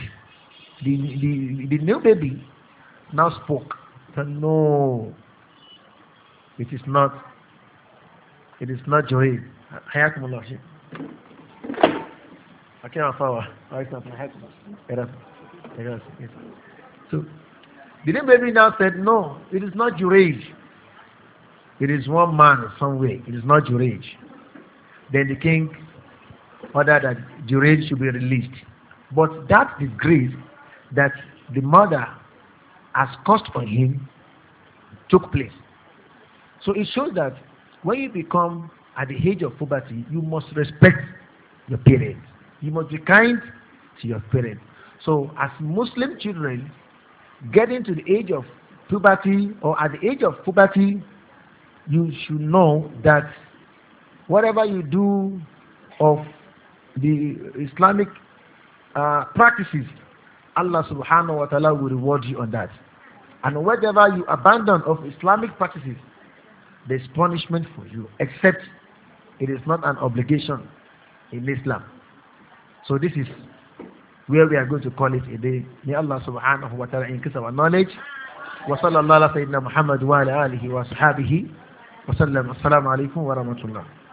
the, the, the new baby, now spoke. Said, no, it is not. It is not joy. Hayakumullah. Okay, Afawa. So the new baby now said, no, it is not your age. It is one man somewhere. It is not Juraj. Then the king ordered that Juraj should be released. But that disgrace that the murder has caused on him took place. So it shows that when you become at the age of puberty, you must respect your parents. You must be kind to your parents. So as Muslim children getting to the age of puberty or at the age of puberty you should know that whatever you do of the Islamic uh, practices, Allah subhanahu wa ta'ala will reward you on that. And whatever you abandon of Islamic practices, there's punishment for you, except it is not an obligation in Islam. So this is where we are going to call it a day. May Allah subhanahu wa ta'ala increase our knowledge. وصلى الله على سيدنا محمد وعلى آله وصحابه wasallam assalamu alaikum wa rahmatullah.